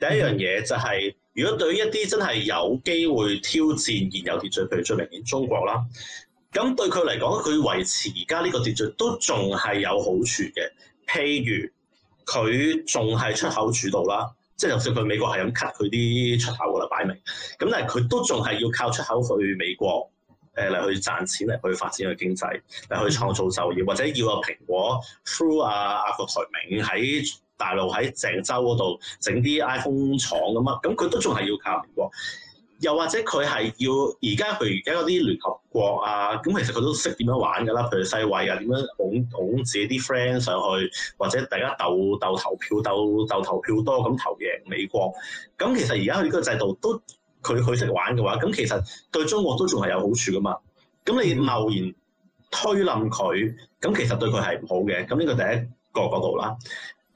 第一樣嘢就係、係、如果對於一啲真係有機會挑戰現有秩序，譬如最明顯中國啦。咁對佢嚟講，佢維持而家呢個秩序都仲係有好處嘅。譬如佢仲係出口主導啦，即、就、係、是、就算佢美國係咁 cut 佢啲出口㗎啦，擺明。咁但係佢都仲係要靠出口去美國，誒、呃、嚟去賺錢，嚟去，去發展個經濟，嚟去創造就業，或者要個蘋果 through 阿阿郭台銘喺大陸喺鄭州嗰度整啲 iPhone 廠咁啊，咁佢都仲係要靠蘋果。又或者佢係要而家佢而家嗰啲聯合國啊，咁其實佢都識點樣玩㗎啦。譬如世衞啊，點樣捧捧自己啲 friend 上去，或者大家鬥鬥投票、鬥鬥投票多，咁投贏美國。咁其實而家佢個制度都佢去識玩嘅話，咁其實對中國都仲係有好處㗎嘛。咁你貿然推冧佢，咁其實對佢係唔好嘅。咁呢個第一個角度啦，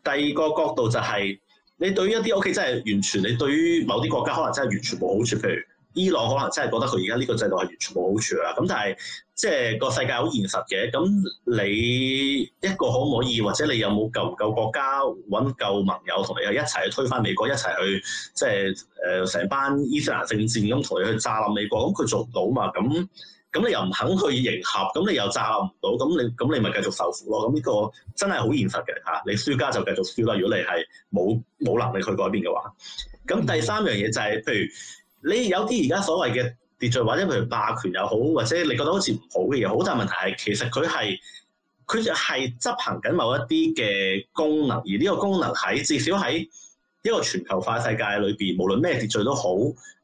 第二個角度就係。你對於一啲屋企真係完全，你對於某啲國家可能真係完全冇好處，譬如伊朗可能真係覺得佢而家呢個制度係完全冇好處啦。咁但係即係個世界好現實嘅，咁你一個可唔可以，或者你有冇夠唔夠國家揾夠盟友同你一齊去推翻美國，一齊去即係誒成班伊斯蘭聖戰咁同你去炸冧美國？咁佢做唔到嘛？咁。咁你又唔肯去迎合，咁你又揸唔到，咁你咁你咪繼續受苦咯。咁呢個真係好現實嘅嚇，你輸家就繼續輸啦。如果你係冇冇能力去改變嘅話，咁第三樣嘢就係、係，譬如你有啲而家所謂嘅秩序，或者譬如霸權又好，或者你覺得好似唔好嘅嘢，好大問題係其實佢係佢係執行緊某一啲嘅功能，而呢個功能喺至少喺一個全球化世界裏邊，無論咩秩序都好，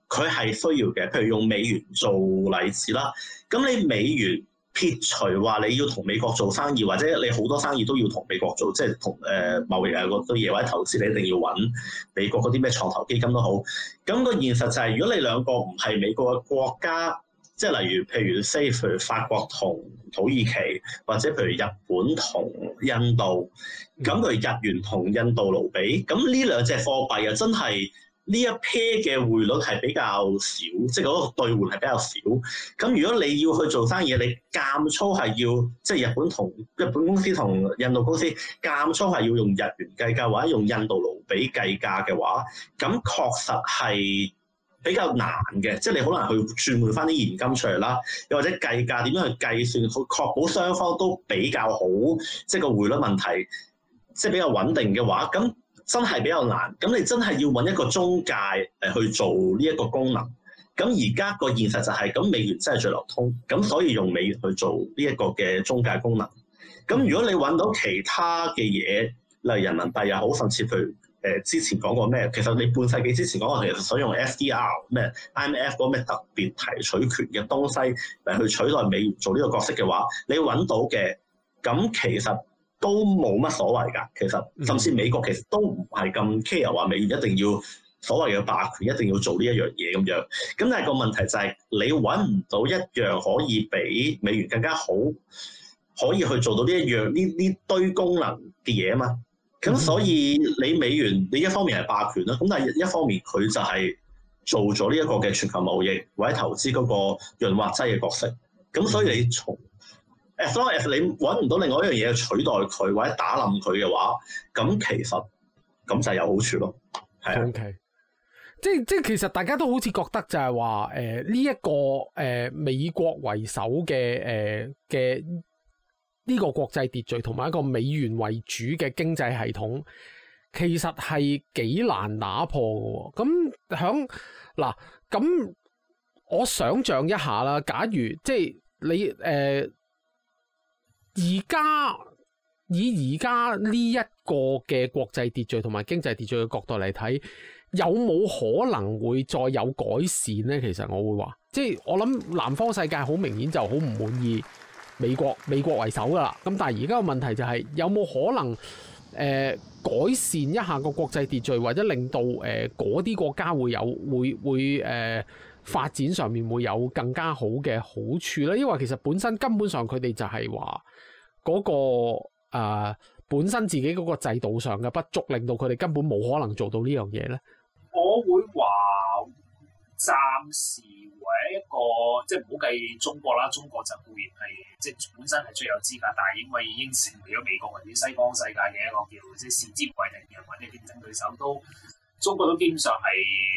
佢係需要嘅。譬如用美元做例子啦。咁你美元撇除話你要同美國做生意，或者你好多生意都要同美國做，即係同誒貿易個嘢或者投資你一定要揾美國嗰啲咩創投基金都好。咁、那個現實就係、是，如果你兩個唔係美國嘅國家，即係例如譬如 say 法國同土耳其，或者譬如日本同印度，咁佢日元同印度盧比，咁呢兩隻貨幣又真係。呢一 pair 嘅匯率係比較少，即係嗰個兌換係比較少。咁如果你要去做生意，你間操係要即係日本同日本公司同印度公司間操係要用日元計價，或者用印度盧比計價嘅話，咁確實係比較難嘅。即係你可能去轉換翻啲現金出嚟啦，又或者計價點樣去計算去確保雙方都比較好，即係個匯率問題即係比較穩定嘅話，咁。真係比較難，咁你真係要揾一個中介誒去做呢一個功能。咁而家個現實就係、是、咁美元真係最流通，咁所以用美元去做呢一個嘅中介功能。咁如果你揾到其他嘅嘢，例如人民幣又好，甚至佢誒之前講過咩，其實你半世紀之前講過，其實想用 SDR 咩 IMF 嗰咩特別提取權嘅東西嚟去取代美元做呢個角色嘅話，你揾到嘅咁其實。都冇乜所謂㗎，其實甚至美國其實都唔係咁 care 話美元一定要所謂嘅霸權一定要做呢一樣嘢咁樣，咁但係個問題就係、是、你揾唔到一樣可以比美元更加好，可以去做到呢一樣呢呢堆功能嘅嘢啊嘛，咁所以你美元你一方面係霸權啦，咁但係一方面佢就係做咗呢一個嘅全球貿易或者投資嗰個潤滑劑嘅角色，咁所以你從誒所以你揾唔到另外一樣嘢取代佢或者打冧佢嘅話，咁其實咁就有好處咯，係啊。Okay. 即即其實大家都好似覺得就係話誒呢一個誒、呃、美國為首嘅誒嘅呢個國際秩序同埋一個美元為主嘅經濟系統，其實係幾難打破嘅喎。咁響嗱咁，我想像一下啦，假如即你誒。呃而家以而家呢一個嘅國際秩序同埋經濟秩序嘅角度嚟睇，有冇可能會再有改善咧？其實我會話，即係我諗南方世界好明顯就好唔滿意美國，美國為首噶啦。咁但係而家個問題就係、是，有冇可能誒、呃、改善一下個國際秩序，或者令到誒嗰啲國家會有會會誒、呃、發展上面會有更加好嘅好處咧？因為其實本身根本上佢哋就係話。嗰、那個、呃、本身自己嗰個制度上嘅不足，令到佢哋根本冇可能做到呢樣嘢咧。我會話暫時為一個即係唔好計中國啦，中國就固然係即係本身係最有資格，但係因為已經成為咗美國或者西方世界嘅一個叫即係視之為敵人或者競爭對手都，中國都基本上係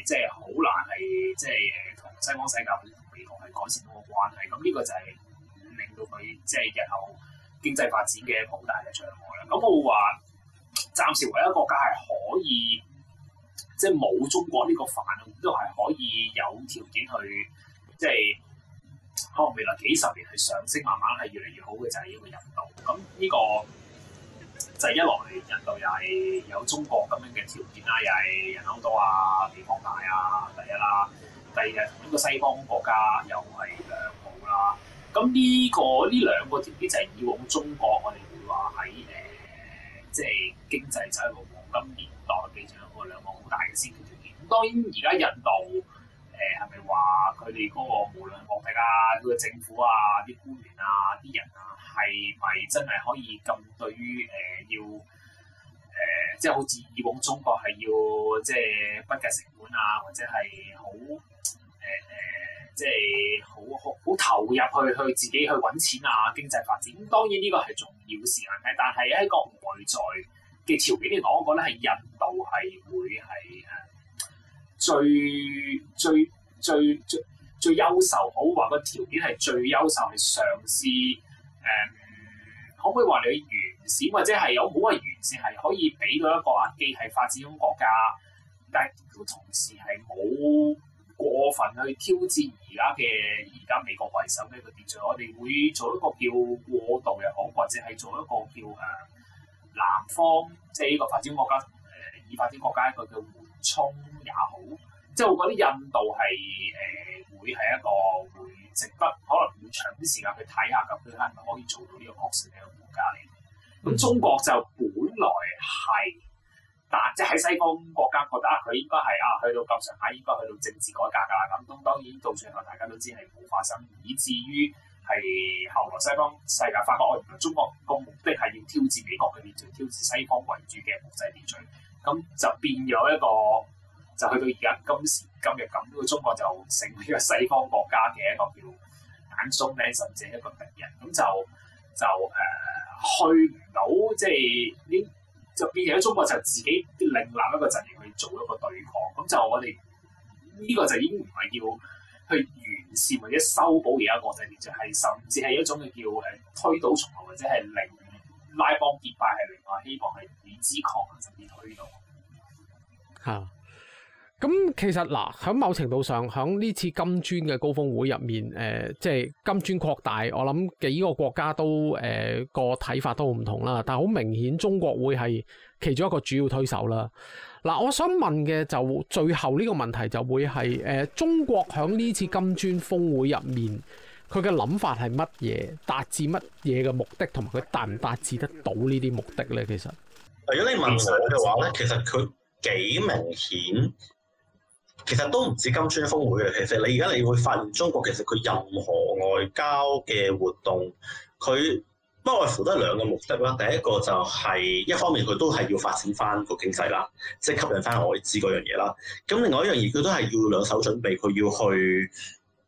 即係好難係即係誒同西方世界同美國係改善到個關係。咁呢個就係令到佢即係日後經濟發展嘅好大嘅障礙啦，咁我話暫時唯一,一國家係可以即係冇中國呢個煩惱都係可以有條件去即係、就是、可能未來幾十年去上升，慢慢係越嚟越好嘅就係、是、呢、呢個印度。咁呢個就係、是、一來印度又係有中國咁樣嘅條件啦，又係人口多啊、地方大啊第一啦，第二同呢個西方國家又係良好啦。咁呢、這個呢兩個條件就係以往中國我哋會話喺誒，即係經濟制度、個黃金年代嘅兩個兩個好大嘅先決條件。咁當然而家印度誒係咪話佢哋嗰個無論國力啊、佢嘅政府啊、啲官員啊、啲人啊，係咪真係可以咁對於誒、呃、要誒、呃，即係好似以往中國係要即係不計成本啊，或者係好誒誒。呃呃即係好好，好投入去去自己去揾錢啊，經濟發展咁，當然呢個係重要嘅事嘅。但係喺一個外在嘅條件嚟講，我覺得係印度係會係誒最最最最最，最優秀好，好話個條件係最優秀嚟嘗試誒、嗯，可唔可以話你去完善或者係有好嘅完善係可以俾到一個啊，既係發展中國家，但係都同時係冇。過分去挑戰而家嘅而家美國為首呢個秩序，我哋會做一個叫過渡又好，或者係做一個叫誒南方，即係呢個發展國家同誒已發展國家一個叫「緩衝也好，即係我覺得印度係誒、呃、會係一個會值得，可能要長啲時間去睇下咁佢係咪可以做到呢個角色嘅國家嚟。咁、嗯、中國就本來係。但即喺西方國家覺得佢應該係啊，去到咁上下應該去到政治改革㗎啦。咁當然到最後大家都知係冇發生，以至於係後來西方世界發覺，原來中國個目的係要挑戰美國嘅秩序，挑戰西方為主嘅國際秩序。咁就變咗一個就去到而家今時今日咁，個中國就成為一個西方國家嘅一個叫眼中釘甚至一個敵人。咁就就誒、呃、去唔到即係呢？就變成咗中國就自己另立一個陣營去做一個對抗，咁就我哋呢、呢個就已經唔係叫去完善或者修補而家國際秩序，係甚至係一種嘅叫誒推倒重來，或者係另拉幫結拜令，係另外希望係以之抗甚至推倒。嚇、嗯！咁其實嗱，喺某程度上，喺呢次金磚嘅高峰會入面，誒、呃，即係金磚擴大，我諗幾個國家都誒、呃、個睇法都唔同啦。但係好明顯，中國會係其中一個主要推手啦。嗱、呃，我想問嘅就最後呢個問題，就會係誒、呃、中國喺呢次金磚峰會入面佢嘅諗法係乜嘢達至乜嘢嘅目的，同埋佢達唔達至得到呢啲目的呢？其實，如果你問我嘅話咧，其實佢幾明顯。其實都唔止金磚峰會嘅。其實你而家你會發現，中國其實佢任何外交嘅活動，佢不外乎都係兩個目的啦。第一個就係一方面佢都係要發展翻個經濟啦，即係吸引翻外資嗰樣嘢啦。咁另外一樣嘢，佢都係要兩手準備，佢要去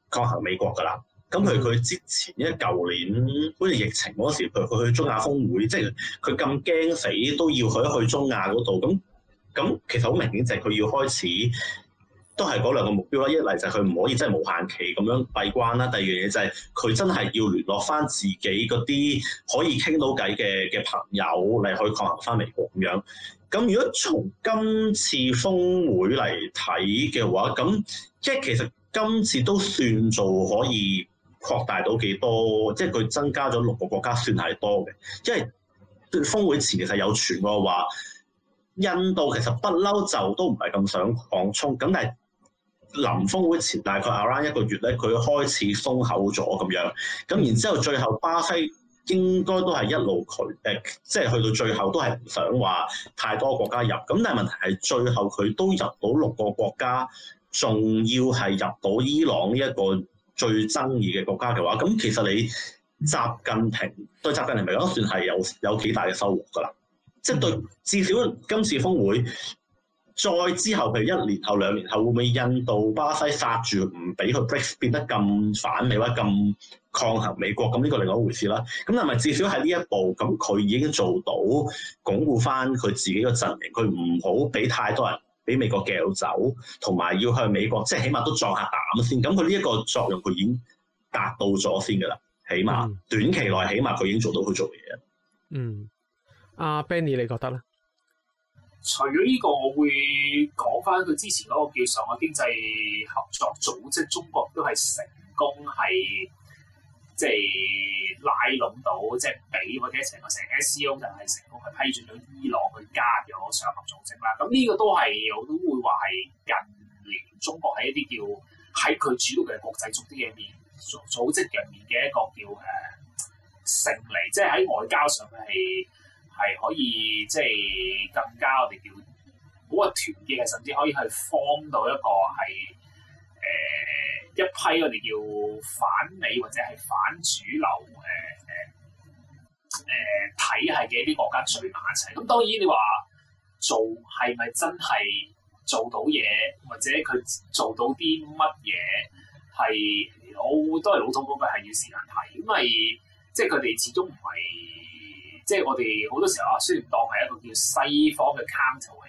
抗衡美國㗎啦。咁譬如佢之前，因為舊年好似疫情嗰時，佢佢去中亞峰會，即係佢咁驚死都要去一去中亞嗰度。咁咁其實好明顯就係佢要開始。都係嗰兩個目標啦，一嚟就係佢唔可以真係無限期咁樣閉關啦，第二樣嘢就係佢真係要聯絡翻自己嗰啲可以傾到偈嘅嘅朋友嚟去抗衡翻美國咁樣。咁如果從今次峰會嚟睇嘅話，咁即係其實今次都算做可以擴大到幾多，即係佢增加咗六個國家算係多嘅，因為峰會前其實有傳過話，印度其實不嬲就都唔係咁想擴充，咁但係，臨峰會前大概 around 一個月咧，佢開始鬆口咗咁樣，咁然之後最後巴西應該都係一路佢誒，即係去到最後都係唔想話太多國家入，咁但係問題係最後佢都入到六個國家，仲要係入到伊朗呢一個最爭議嘅國家嘅話，咁其實你習近平對習近平嚟講算係有有幾大嘅收穫㗎啦，即係對至少今次峰會。再之後，譬如一年後、兩年後，會唔會印度、巴西殺住唔俾佢 BRICS 變得咁反美或者咁抗衡美國？咁呢個另外一回事啦。咁但係至少喺呢一步，咁佢已經做到鞏固翻佢自己個陣營，佢唔好俾太多人俾美國掉走，同埋要向美國即係起碼都撞下膽先。咁佢呢一個作用佢已經達到咗先㗎啦。起碼、嗯、短期內起碼佢已經做到去做嘢。嗯，阿、啊、Benny 你覺得咧？除咗呢、這個，我會講翻佢之前嗰個叫上海經濟合作組織，中國都係成功係即係拉攏到，即係俾或者成個成 SCO 就係成功去批准咗伊朗去加入上合組織啦。咁呢個都係我都會話係近年中國喺一啲叫喺佢主導嘅國際組織入面組織入面嘅一個叫誒勝、呃、利，即係喺外交上係。係可以即係更加，我哋叫嗰個團結，甚至可以去 form 到一個係誒、呃、一批我哋叫反美或者係反主流誒誒誒體系嘅一啲國家聚埋一齊。咁當然你話做係咪真係做到嘢，或者佢做到啲乜嘢係老都係老土嗰句係要時間睇，因為即係佢哋始終唔係。即係我哋好多時候啊，雖然當係一個叫西方嘅 counter 嚟，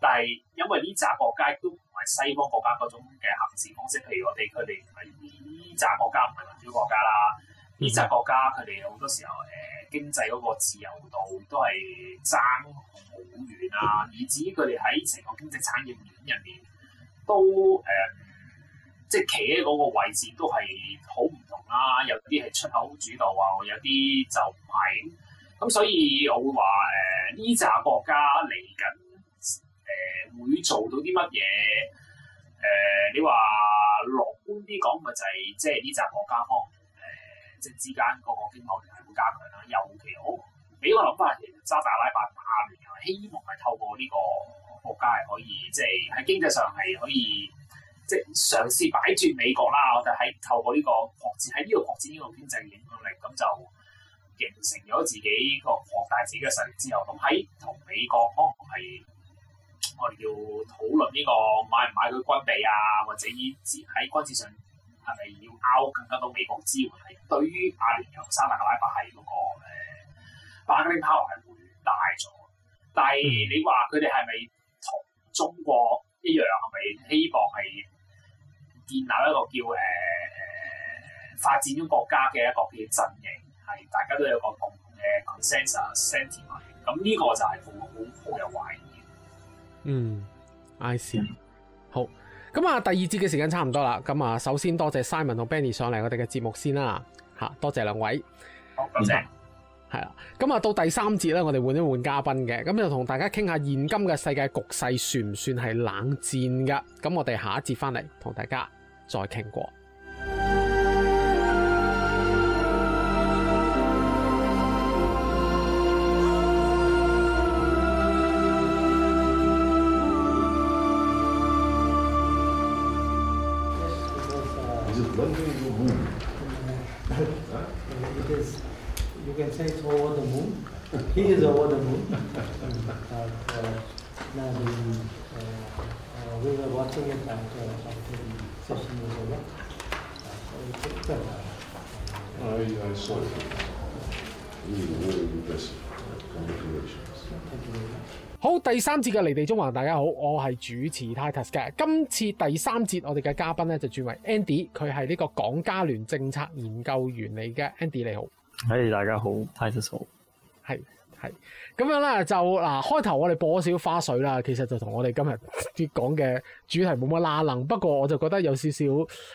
但係因為呢扎國家都唔係西方國家嗰種嘅行事方式。譬如我哋佢哋唔係呢扎國家唔係民主國家啦，呢扎 國家佢哋好多時候誒、欸、經濟嗰個自由度都係爭好遠啊。以至於佢哋喺成個經濟產業鏈入面都誒，即係企喺嗰個位置都係好唔同啦。有啲係出口主導啊，有啲就唔係。咁所以我會話誒呢扎國家嚟緊誒會做到啲乜嘢？誒、呃、你話樂觀啲講，咪就係即係呢扎國家方誒即係之間個個經濟聯繫會加強啦。尤其好。俾我諗翻，其實沙特阿拉伯近年希望係透過呢個國家係可以即係喺經濟上係可以即係嘗試擺住美國啦。我就喺透過呢個擴展喺呢度擴展呢個經濟嘅影響力咁就。形成咗自己個擴大自己嘅勢力之後，咁喺同美國可能係我哋要討論呢個買唔買佢軍備啊，或者以至喺軍事上係咪要拗更加多美國支援？係對於阿聯酋、沙地阿拉伯喺嗰個誒 bargaining power 係會大咗，但係你話佢哋係咪同中國一樣係咪希望係建立一個叫誒、呃、發展中國家嘅一個叫陣營？係大家都有個共同嘅 consensus sentiment，咁呢個就係好好好有懷疑。嗯，I see。好，咁啊，第二節嘅時間差唔多啦，咁啊，首先多謝 Simon 同 Benny 上嚟我哋嘅節目先啦，嚇，多謝兩位。好，感謝。係啦、嗯，咁啊，到第三節咧，我哋換一換嘉賓嘅，咁就同大家傾下現今嘅世界局勢算唔算係冷戰噶？咁我哋下一節翻嚟同大家再傾過。好，第三節嘅離地縱橫，大家好，我係主持 Titus 嘅。今次第三節，我哋嘅嘉賓咧就轉為 Andy，佢係呢個港加聯政策研究員嚟嘅。Andy 你好，誒、hey, 大家好，Titus 好，係係咁樣咧，就嗱開頭我哋播少花絮啦，其實就同我哋今日啲講嘅主題冇乜啦能，不過我就覺得有少少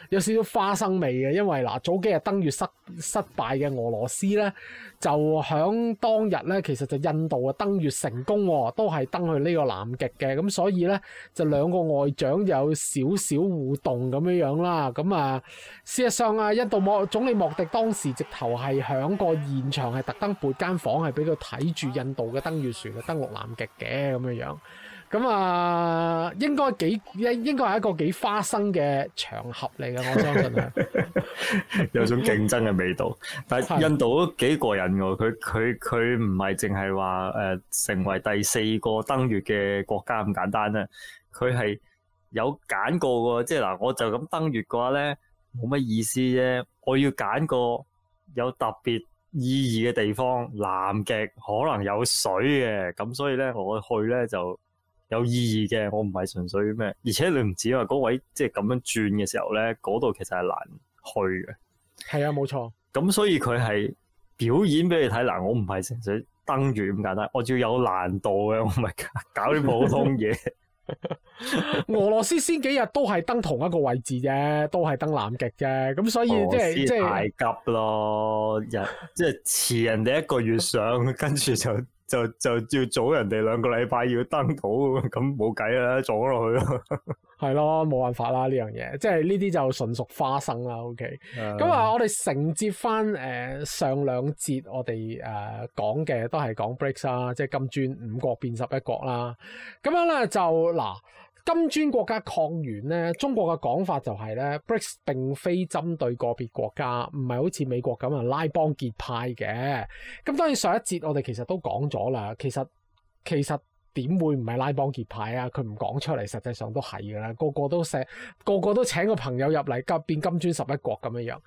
有少少花生味嘅，因為嗱早幾日登月失失敗嘅俄羅斯咧，就響當日咧，其實就印度嘅登月成功喎、哦，都係登去呢個南極嘅，咁所以咧就兩個外長有少少互動咁樣樣啦，咁啊事實上啊，印度莫總理莫迪當時直頭係響個現場係特登撥間房係俾佢睇住印度嘅登月船啊登落南極嘅咁樣樣。咁啊，應該幾應應該係一個幾花生嘅場合嚟嘅， 我相信啊， 有種競爭嘅味道。 但係印度都幾過人㗎，佢佢佢唔係淨係話誒成為第四個登月嘅國家咁簡單啦，佢係有揀過㗎，即係嗱，我就咁登月嘅話咧，冇乜意思啫。我要揀個有特別意義嘅地方，南極可能有水嘅，咁所以咧，我去咧就。有意義嘅，我唔係純粹，咩，而且你唔止話嗰位即係咁樣轉嘅時候咧，嗰度其實係難去嘅。係啊，冇錯。咁所以佢係表演俾你睇，嗱，我唔係純粹登月咁簡單，我仲要有難度嘅，我唔係搞啲普通嘢。 俄羅斯先幾日都係登同一個位置啫，都係登南極啫，咁所以即係即係太急咯， 即係遲人哋一個月上，跟住就。 就就要早人哋兩個禮拜要登圖，咁冇計啦，撞落去咯。係咯，冇辦法啦，呢樣嘢，即係呢啲就純屬花生啦。OK，咁、uh 嗯呃呃、啊，我哋承接翻誒上兩節我哋誒講嘅，都係講 BRICS 啦，即係金磚五國變十一國啦。咁、啊、樣咧就嗱。金磚國家擴員呢，中國嘅講法就係呢 BRICS 並非針對個別國家，唔係好似美國咁啊拉幫結派嘅。咁當然上一節我哋其實都講咗啦，其實其實點會唔係拉幫結派啊？佢唔講出嚟，實際上都係㗎啦，個個都 set，個個都請個朋友入嚟，變金磚十一國咁樣樣。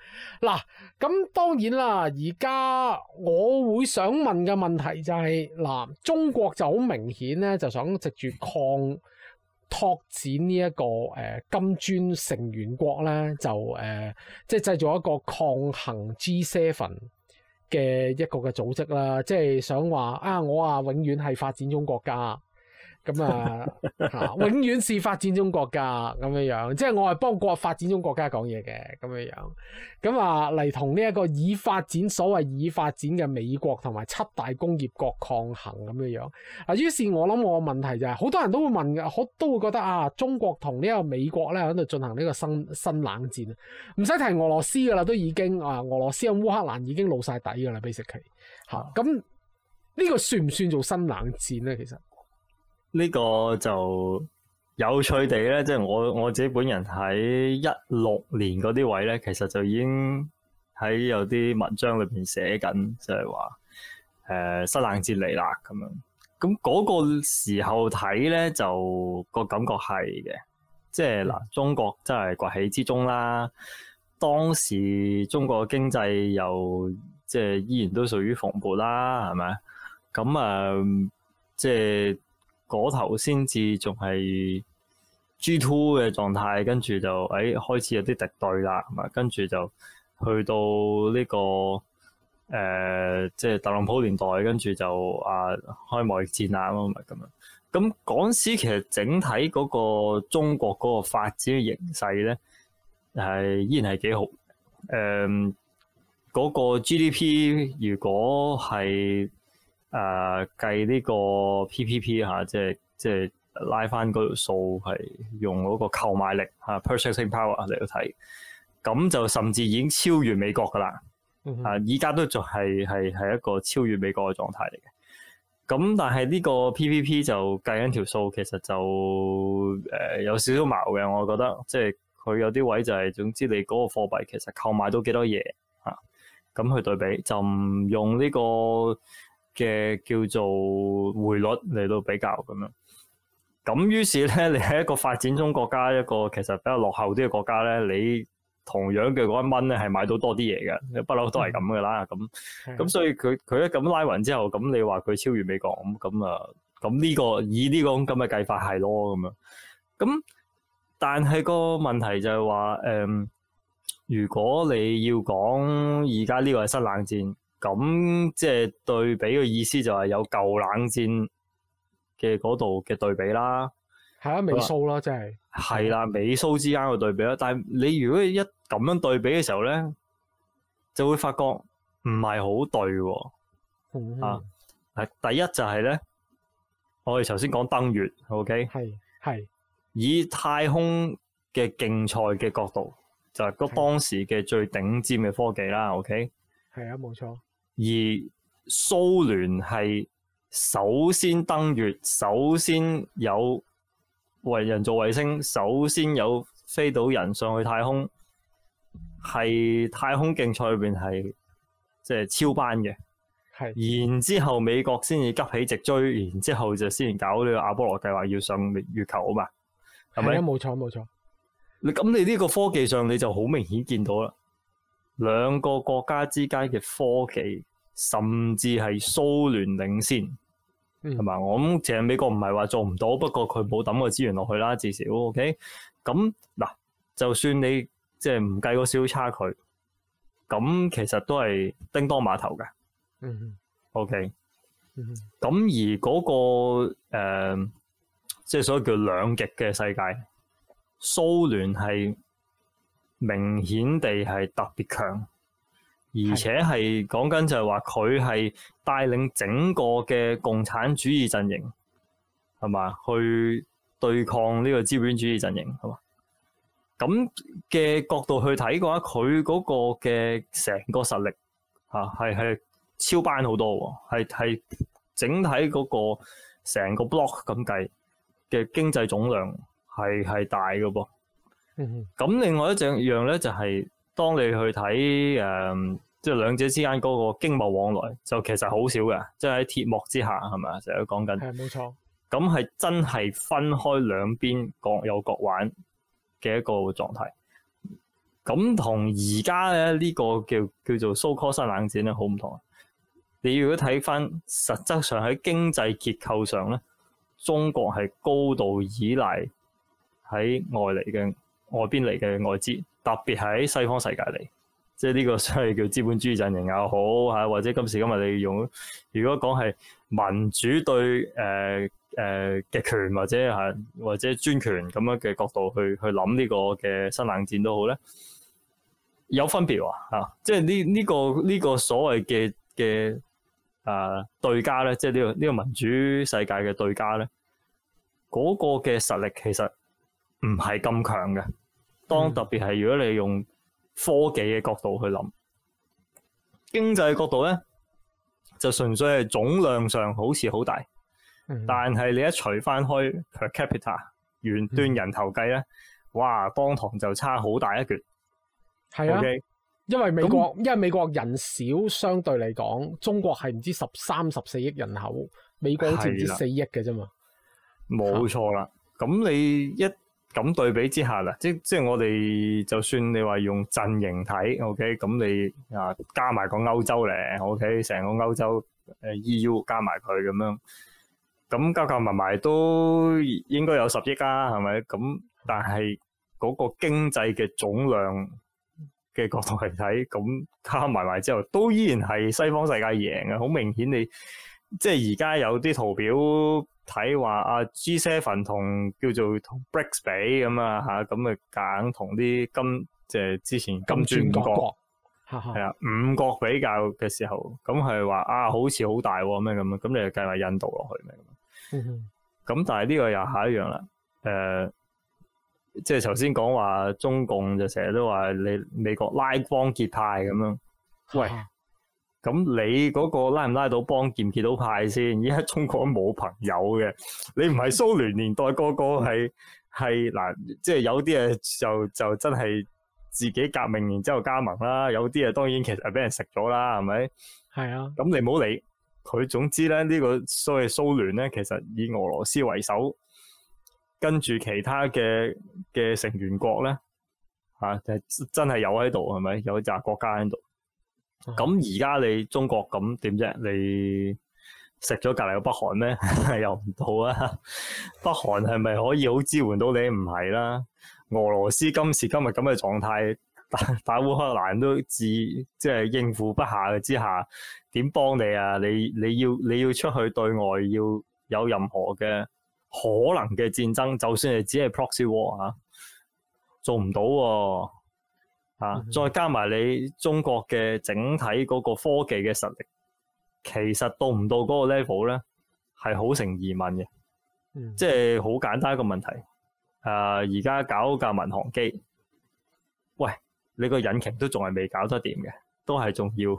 嗱、啊，咁當然啦，而家我會想問嘅問題就係、是、嗱、啊，中國就好明顯呢，就想藉住擴拓展呢一個誒金磚成員國咧，就誒、呃、即係製造一個抗衡 G7 嘅一個嘅組織啦，即係想話啊，我啊永遠係發展中國家。咁啊、 嗯，永遠是發展中國家咁樣樣，即係我係幫國發展中國家講嘢嘅咁樣樣。咁啊，嚟同呢一個已發展、所謂已發展嘅美國同埋七大工業國抗衡咁樣樣。嗱，於是，我諗我個問題就係、是，好多人都會問嘅，都會覺得啊，中國同呢一個美國咧喺度進行呢個新新冷戰。唔使提俄羅斯噶啦，都已經啊，俄羅斯同烏克蘭已經露晒底噶啦，比石奇嚇。咁呢、 呢個算唔算做新冷戰呢？其實？呢個就有趣地咧，即、就、係、是、我我自己本人喺一六年嗰啲位咧，其實就已經喺有啲文章裏邊寫緊，就係話誒新冷戰嚟啦咁樣。咁嗰個時候睇咧，就、那個感覺係嘅，即係嗱，中國真係崛起之中啦。當時中國經濟又即係、就是、依然都屬於蓬勃啦，係咪啊？咁啊，即、呃、係。就是嗰頭先至仲係 G two 嘅狀態，跟住就誒、哎、開始有啲敵對啦，咁啊，跟住就去到呢、這個誒、呃，即係特朗普年代，跟住就啊開貿易戰啊，咁咁，咁陣時其實整體嗰個中國嗰個發展嘅形勢咧，係依然係幾好。誒、嗯，嗰、那個 G D P 如果係誒、uh, 計呢個 PPP 嚇、啊，即係即係拉翻嗰條數，係用嗰個購買力嚇 purchasing power 嚟睇，咁就、mm hmm. 啊、甚至已經超越美國噶啦，啊依家都仲係係係一個超越美國嘅狀態嚟嘅。咁但係呢個 PPP 就計緊條數，其實就誒、呃、有少少矛嘅，我覺得即係佢有啲位就係、是、總之你嗰個貨幣其實購買到幾多嘢啊，咁去對比就唔用呢、這個。嘅叫做匯率嚟到比較咁樣，咁於是咧，你喺一個發展中國家，一個其實比較落後啲嘅國家咧，你同樣嘅嗰一蚊咧，係買到多啲嘢嘅，不嬲都係咁嘅啦。咁咁、嗯、所以佢佢一咁拉勻之後，咁你話佢超越美國咁咁啊？咁呢、呢個以呢個咁嘅計法係咯咁樣。咁但係個問題就係話誒，如果你要講而家呢個係新冷戰。咁即係對比嘅意思，就係有舊冷戰嘅嗰度嘅對比啦，係啊，美蘇啦，即係係啦，美蘇之間嘅對比啦。但係你如果一咁樣對比嘅時候咧，就會發覺唔係好對啊，啊，啊，啊。第一就係咧，我哋頭先講登月，OK，係，係，以太空嘅競賽嘅角度，就係嗰當時嘅最頂尖嘅科技啦。OK 係啊，冇錯，啊。而蘇聯係首先登月，首先有為人造衛星，首先有飛到人上去太空，係太空競賽裏邊係即係超班嘅。係。然之後美國先至急起直追，然之後就先搞呢個阿波羅計劃，要上月球啊嘛。係咪？冇錯冇錯。你咁你呢個科技上你就好明顯見到啦。兩個國家之間嘅科技，甚至係蘇聯領先，係嘛、嗯？我諗其實美國唔係話做唔到，不過佢冇抌個資源落去啦，至少。OK，咁嗱，就算你即係唔計個少少差距，咁其實都係叮噹碼頭嘅。嗯，OK 嗯。咁而嗰、那個誒、呃，即係所謂叫兩極嘅世界，蘇聯係。明顯地係特別強，而且係講緊就係話佢係帶領整個嘅共產主義陣營，係嘛？去對抗呢個資本主義陣營，係嘛？咁嘅角度去睇嘅話，佢嗰個嘅成個實力吓係係超班好多喎，係係整體嗰個成個 block 咁計嘅經濟總量係係大嘅噃。咁、嗯、另外一只樣咧，就係、是、當你去睇誒，即係兩者之間嗰個經貿往來，就其實好少嘅。即係喺鐵幕之下，係咪啊？成日都講緊係冇錯，咁係、嗯、真係分開兩邊各有各玩嘅一個狀態。咁同而家咧呢、這個叫叫做蘇科山冷戰咧，好唔同。你如果睇翻實質上喺經濟結構上咧，中國係高度依賴喺外嚟嘅。外邊嚟嘅外資，特別喺西方世界嚟，即係呢個所謂叫資本主義陣營又好吓，或者今時今日你用，如果講係民主對誒誒極權或者係或者專權咁樣嘅角度去去諗呢個嘅新冷戰都好咧，有分別話吓，即係呢呢個呢、這個所謂嘅嘅誒對家咧，即係呢個呢、這個民主世界嘅對家咧，嗰、那個嘅實力其實唔係咁強嘅。嗯、當特別係如果你用科技嘅角度去諗，經濟嘅角度咧，就純粹係總量上好似好大，嗯、但係你一除翻開 per capita，原端人頭計咧，嗯、哇，當堂就差好大一橛。係啊，okay? 因為美國，那因為美國人少，相對嚟講，中國係唔知十三十四億人口，美國好似唔知四億嘅啫嘛。冇錯啦，咁你一。嗯咁對比之下啦，即即我哋就算你話用陣營睇，OK，咁你啊加埋、OK? 個歐洲咧、e，OK，成個歐洲誒 EU 加埋佢咁樣，咁加加埋埋都應該有十億啦，係咪？咁但係嗰個經濟嘅總量嘅角度嚟睇，咁加埋埋之後都依然係西方世界贏嘅，好明顯你即係而家有啲圖表。睇話阿 G Seven 同叫做 Br 同 Bricks 比咁啊吓，咁咪揀同啲金即係之前金磚五國係啊 五國比較嘅時候，咁係話啊好似好大咩咁啊，咁你就計埋印度落去咩咁？咁但係呢個又係一樣啦。誒、呃，即係頭先講話中共就成日都話你美國拉幫結派咁樣，係。喂 咁你嗰個拉唔拉到幫建建到派先？而家中國冇朋友嘅，你唔係蘇聯年代 個個係係嗱，即係有啲嘢就就真係自己革命，然之後加盟啦；有啲啊當然其實係俾人食咗啦，係咪？係啊。咁你唔好理佢。總之咧，呢、呢個所謂蘇聯咧，其實以俄羅斯為首，跟住其他嘅嘅成員國咧、啊，就係真係有喺度，係咪有一扎國家喺度？咁而家你中國咁點啫？你食咗隔籬個北韓咩？ 又唔到啊！北韓係咪可以好支援到你？唔係啦，俄羅斯今時今日咁嘅狀態，打打烏克蘭都自即係應付不下嘅之下，點幫你啊？你你要你要出去對外要有任何嘅可能嘅戰爭，就算係只係 proxy war 啊，做唔到。啊！再加埋你中國嘅整體嗰個科技嘅實力，其實到唔到嗰個 level 咧，係好成疑問嘅。嗯、即係好簡單一個問題。誒、呃，而家搞架民航機，喂，你個引擎都仲係未搞得掂嘅，都係仲要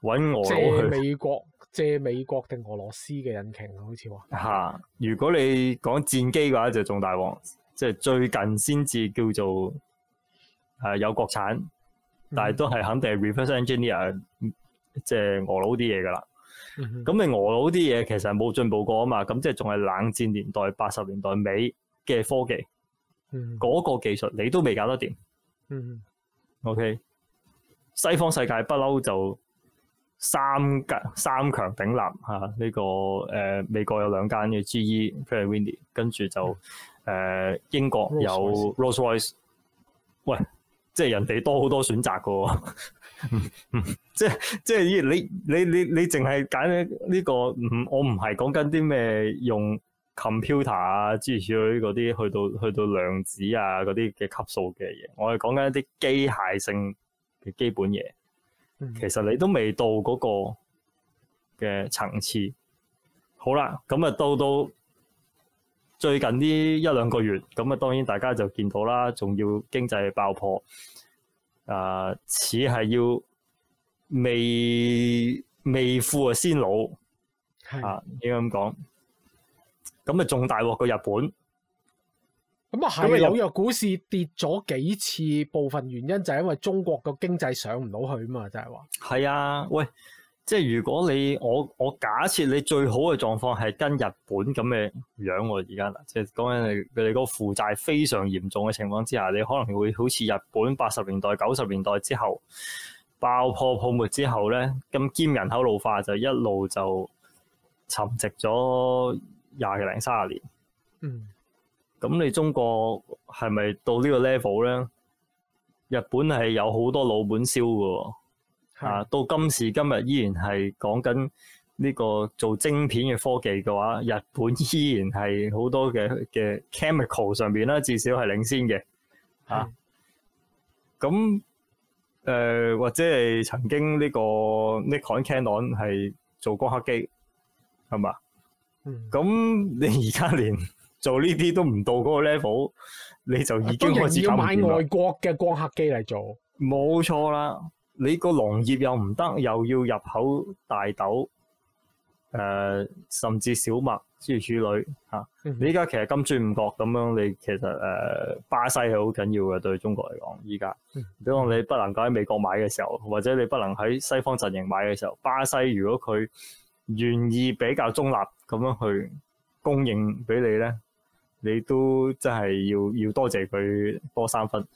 搵外國去美國借美國定俄羅斯嘅引擎，好似話吓。如果你講戰機嘅話，就仲大鑊，即係最近先至叫做。係有國產，但係都係肯定係 reverse engineer 即係、嗯、哼俄佬啲嘢㗎啦。咁、嗯、哼你俄佬啲嘢其實冇進步過啊嘛，咁即係仲係冷戰年代八十年代尾嘅科技嗰、嗯、哼個技術，你都未搞得掂。嗯、哼 O.K. 西方世界不嬲就三間三強鼎立嚇，呢、啊呢個誒、呃、美國有兩間嘅 GE y,、General Electric 跟住就誒英國有 Rolls-Royce 喂。即係人哋多好多選擇噶、 嗯 即係即係你你你你淨係揀呢個唔我唔係講緊啲咩用 computer 啊諸如此類嗰啲去到去到量子啊嗰啲嘅級數嘅嘢，我係講緊一啲機械性嘅基本嘢。嗯、其實你都未到嗰個嘅層次。好啦，咁啊到到。最近呢一兩個月，咁啊當然大家就見到啦，仲要經濟爆破，啊似係要未未富啊先老，的啊應該咁講，咁啊仲大鑊過日本，咁啊係啊，因為紐約股市跌咗幾次，部分原因就係因為中國個經濟上唔到去啊嘛，就係話係啊，喂。即係如果你我我假設你最好嘅狀況係跟日本咁嘅樣喎，啊，而家啦，即係講緊你哋個負債非常嚴重嘅情況之下，你可能會好似日本八十年代、九十年代之後爆破泡沫之後咧，咁兼人口老化就一路就沉寂咗廿零三十年。嗯，咁你中國係咪到個呢個 level 咧？日本係有好多老本燒嘅喎。啊！到今時今日依然係講緊呢個做晶片嘅科技嘅話，日本依然係好多嘅嘅 chemical 上邊啦，至少係領先嘅。啊！咁誒是、呃，或者係曾經呢個 Nikon Canon 係做光刻機，係嘛？咁、嗯、你而家連做呢啲都唔到嗰個 level，你就已經開始要買外國嘅光刻機嚟做，冇錯啦。你個農業又唔得，又要入口大豆，誒、呃、甚至小麥，諸如此類嚇、啊。你依家其實金磚五國咁樣，你其實誒、呃、巴西係好緊要嘅對中國嚟講。依家，當你不能夠喺美國買嘅時候，或者你不能喺西方陣營買嘅時候，巴西如果佢願意比較中立咁樣去供應俾你咧，你都真係要要多謝佢多三分，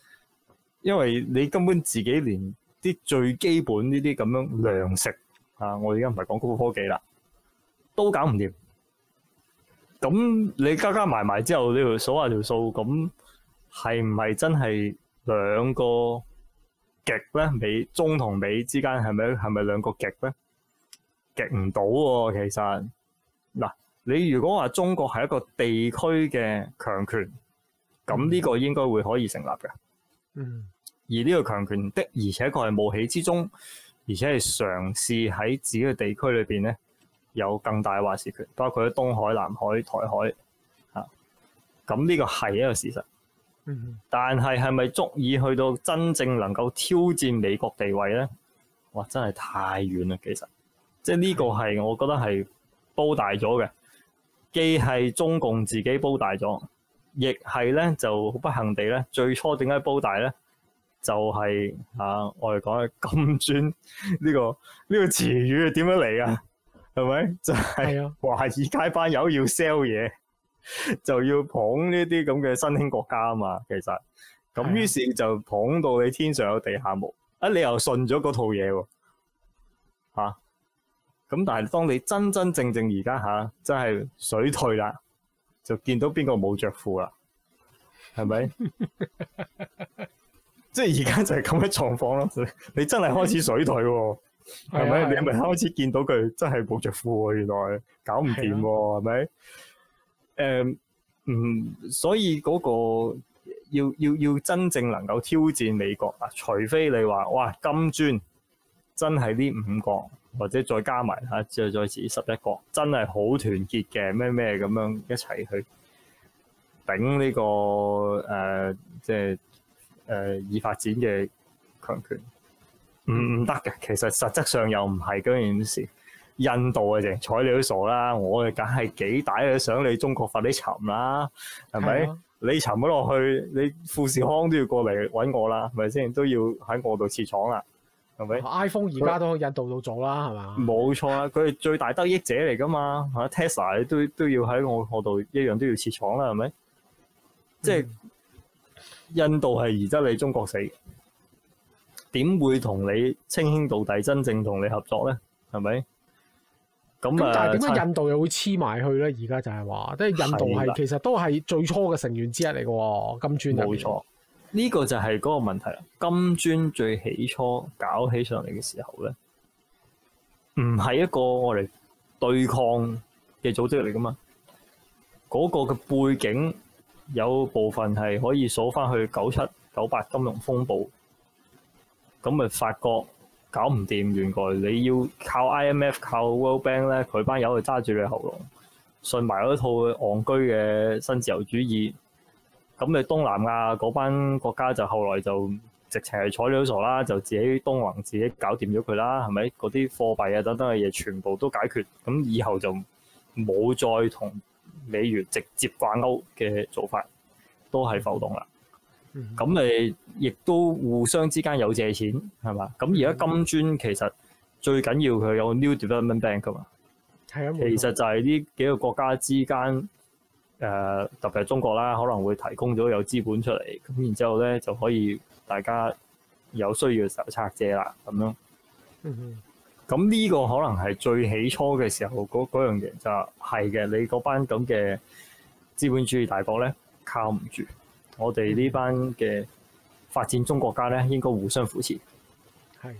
因為你根本自己連。啲最基本呢啲咁樣糧食啊，我而家唔係講高科技啦，都搞唔掂。咁你加加埋埋之後你條所謂條數，咁係唔係真係兩個極咧？美中同美之間係咪係咪兩個極咧？極唔到喎，其實嗱、啊，你如果話中國係一個地區嘅強權，咁呢個應該會可以成立嘅。嗯。而呢個強權的，而且佢係冒起之中，而且係嘗試喺自己嘅地區裏邊咧有更大嘅話事權，包括喺東海、南海、台海嚇。咁、啊、呢個係一個事實，但係係咪足以去到真正能夠挑戰美國地位呢？哇！真係太遠啦，其實即係呢個係我覺得係煲大咗嘅，既係中共自己煲大咗，亦係咧就不幸地咧，最初點解煲大呢？就係、是、吓、啊，我哋講嘅金磚呢個呢、呢個詞語點樣嚟㗎？係咪就係華爾街班友要 sell 嘢，就要捧呢啲咁嘅新興國家啊嘛？其實咁，於是就捧到你天上有地下無，的啊你又信咗嗰套嘢喎，吓、啊、咁。但係當你真真正正而家吓，真係水退啦，就見到邊個冇着褲啦，係咪？ 即係而家就係咁嘅狀況咯，你真係開始水退、啊，係咪 吧？你咪開始見到佢真係冇着褲，原來、啊、搞唔掂、啊，係咪的？誒，嗯、um,，所以嗰個要要要真正能夠挑戰美國啊，除非你話哇金磚真係呢五國或者再加埋吓、啊，再再至十一國真係好團結嘅咩咩咁樣一齊去頂呢、這個誒、呃，即係。誒，已、呃、發展嘅強權唔唔得嘅，其實實質上又唔係嗰件事，印度啊，凈睬你都傻啦，我哋梗係幾大嘅想你中國發啲沉啦，係咪？你沉咗落、啊、去，你富士康都要過嚟揾我啦，係咪先？都要喺我度設廠啦，係咪？iPhone 而家都喺印度度做啦，係嘛？冇 錯啦，佢係最大得益者嚟噶嘛嚇、啊、，Tesla 都都要喺我我度一樣都要設廠啦，係咪？即係。嗯。印度係而家你中國死，點會同你稱兄道弟，真正同你合作咧？係咪？咁但係點解印度又會黐埋去咧？而家就係話，即、就、係、是、印度係的其實都係最初嘅成員之一嚟嘅喎，金磚入邊冇錯。呢、這個就係嗰個問題啦。金磚最起初搞起上嚟嘅時候咧，唔係一個我哋對抗嘅組織嚟噶嘛？嗰、那個嘅背景。有部分係可以數翻去九七、九八金融風暴，咁咪發覺搞唔掂，原來你要靠 IMF、靠 World Bank 咧，佢班友去揸住你喉嚨，信埋嗰套戇居嘅新自由主義，咁你東南亞嗰班國家就後來就直情係睬佢都傻啦，就自己東橫自己搞掂咗佢啦，係咪？嗰啲貨幣啊等等嘅嘢全部都解決，咁以後就冇再同。美元直接掛鈎嘅做法都係浮動啦，咁誒、嗯、哼亦都互相之間有借錢係嘛？咁而家金磚其實最緊要佢有 New Development Bank 噶嘛，啊、嗯哼。其實就係呢幾個國家之間，誒、呃、特別係中國啦，可能會提供咗有資本出嚟，咁然之後咧就可以大家有需要嘅時候拆借啦，咁樣。嗯咁呢個可能係最起初嘅時候嗰樣嘢就係嘅，你嗰班咁嘅資本主義大國咧靠唔住，我哋呢班嘅發展中國家咧應該互相扶持。係是。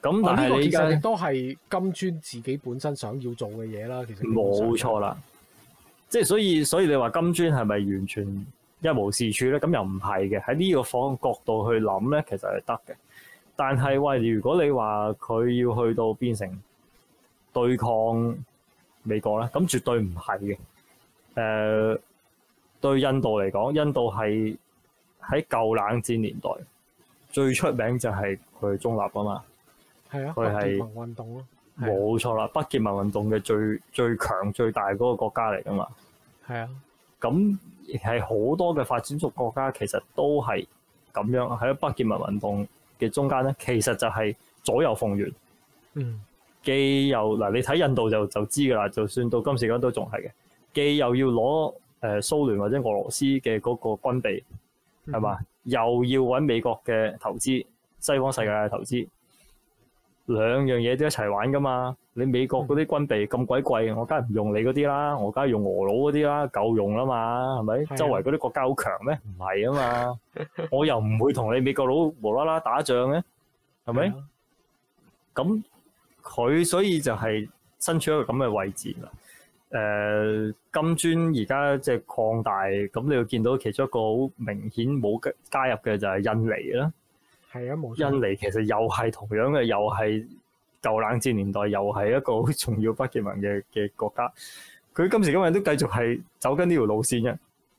咁但係你而家都係金磚自己本身想要做嘅嘢啦，其實冇錯啦。即係所以，所以你話金磚係咪完全一無是處咧？咁又唔係嘅，喺呢個方角度去諗咧，其實係得嘅。但係，喂，如果你話佢要去到變成對抗美國咧，咁絕對唔係嘅。誒、呃，對印度嚟講，印度係喺舊冷戰年代最出名就係佢中立噶嘛，係啊，佢係是北結民運動不結盟運動咯，冇、啊、錯啦。不結盟運動嘅最最強最大嗰個國家嚟噶嘛，係啊。咁係好多嘅發展族國家其實都係咁樣，喺不結盟運動，嘅中間咧，其實就係左右逢源，嗯，既又嗱，你睇印度就就知噶啦，就算到今時今日都仲係嘅，既又要攞誒蘇聯或者俄羅斯嘅嗰個軍備，係嘛，嗯、又要揾美國嘅投資，西方世界嘅投資。兩樣嘢都一齊玩噶嘛？你美國嗰啲軍備咁鬼貴，我梗係唔用你嗰啲啦，我梗係用俄佬嗰啲啦，夠用啦嘛？係咪？的周圍嗰啲國家好強咩？唔係啊嘛， 我又唔會同你美國佬無啦啦打仗嘅，係咪？咁佢的所以就係身處一個咁嘅位置啦。誒、呃，金磚而家即係擴大，咁你會見到其中一個好明顯冇加入嘅就係印尼啦。係啊，印尼其實又係同樣嘅，又係舊冷戰年代又係一個好重要不結盟嘅嘅國家。佢今時今日都繼續係走緊呢條路線嘅，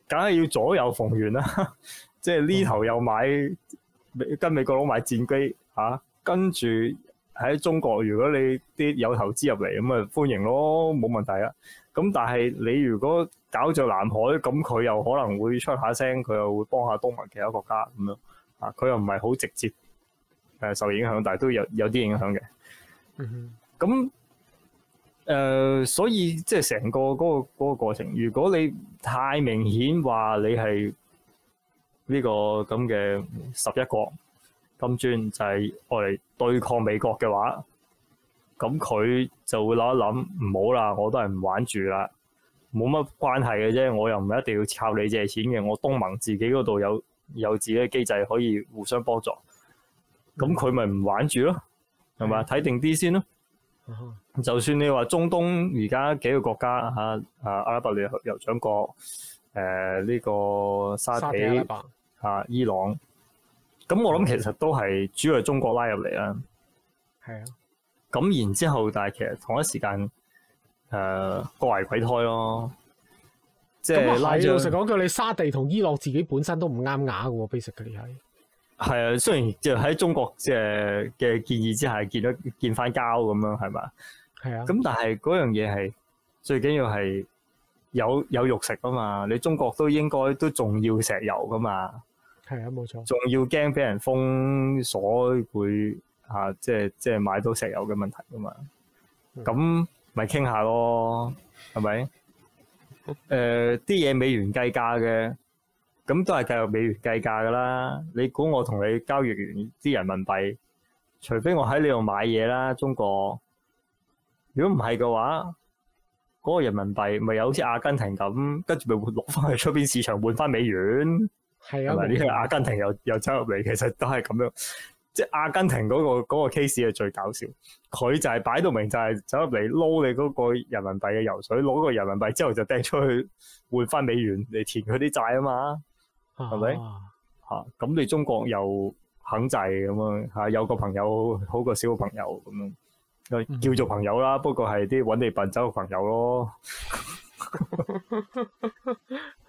梗係要左右逢源啦。 即係呢頭又買跟美國佬買戰機吓，跟住喺中國，如果你啲有投資入嚟咁啊，就歡迎咯，冇問題啊。咁但係你如果搞著南海，咁佢又可能會出下聲，佢又會幫下東盟其他國家咁樣。佢又唔係好直接誒受影響，但係都有有啲影響嘅。嗯哼，咁誒，所以即係成個嗰個嗰個過程，如果你太明顯話你係呢個咁嘅十一國金磚就係愛嚟對抗美國嘅話，咁佢就會諗一諗，唔好啦，我都係唔玩住啦，冇乜關係嘅啫，我又唔一定要靠你借錢嘅，我東盟自己嗰度有。有自己嘅機制可以互相幫助，咁佢咪唔玩住咯，係咪、嗯？睇定啲先咯。嗯、哼就算你話中東而家幾個國家嚇，啊，啊阿拉伯聯酋、油蔴角、呢、這個沙啲嚇、啊、伊朗，咁、嗯、我諗其實都係主要係中國拉入嚟啦。係、嗯、啊。咁然之後，但係其實同一時間誒各懷鬼胎咯。即啊係，我老實講句，你著沙地同伊朗自己本身都唔啱牙嘅，basically 係。係啊，雖然即係喺中國嘅嘅建議之下見，建咗建翻交咁樣係嘛，係啊。咁但係嗰樣嘢係最緊要係有有肉食啊嘛。你中國都應該都仲要石油噶嘛。係啊，冇錯。仲要驚俾人封鎖會啊？即係即係買到石油嘅問題啊嘛。咁咪傾下咯，係咪？誒，啲嘢、呃、美元計價嘅，咁都係計入美元計價噶啦。你估我同你交易完啲人民幣，除非我喺你度買嘢啦，中國。如果唔係嘅話，嗰、嗰個人民幣咪又好似阿根廷咁，跟住咪換攞翻去出邊市場換翻美元。係啊，嗱，呢個阿根廷又又走入嚟，其實都係咁樣。 即係阿根廷嗰、那個 case 係、那個、最搞笑，佢就係擺到明就係走入嚟撈你嗰個人民幣嘅油水，攞個人民幣之後就掟出去換翻美元嚟填佢啲債啊嘛，係咪、啊吧？嚇咁你中國又肯制咁樣？嚇有個朋友好過少個朋友咁樣，啊、叫做朋友啦，嗯、不過係啲揾你笨走嘅朋友咯。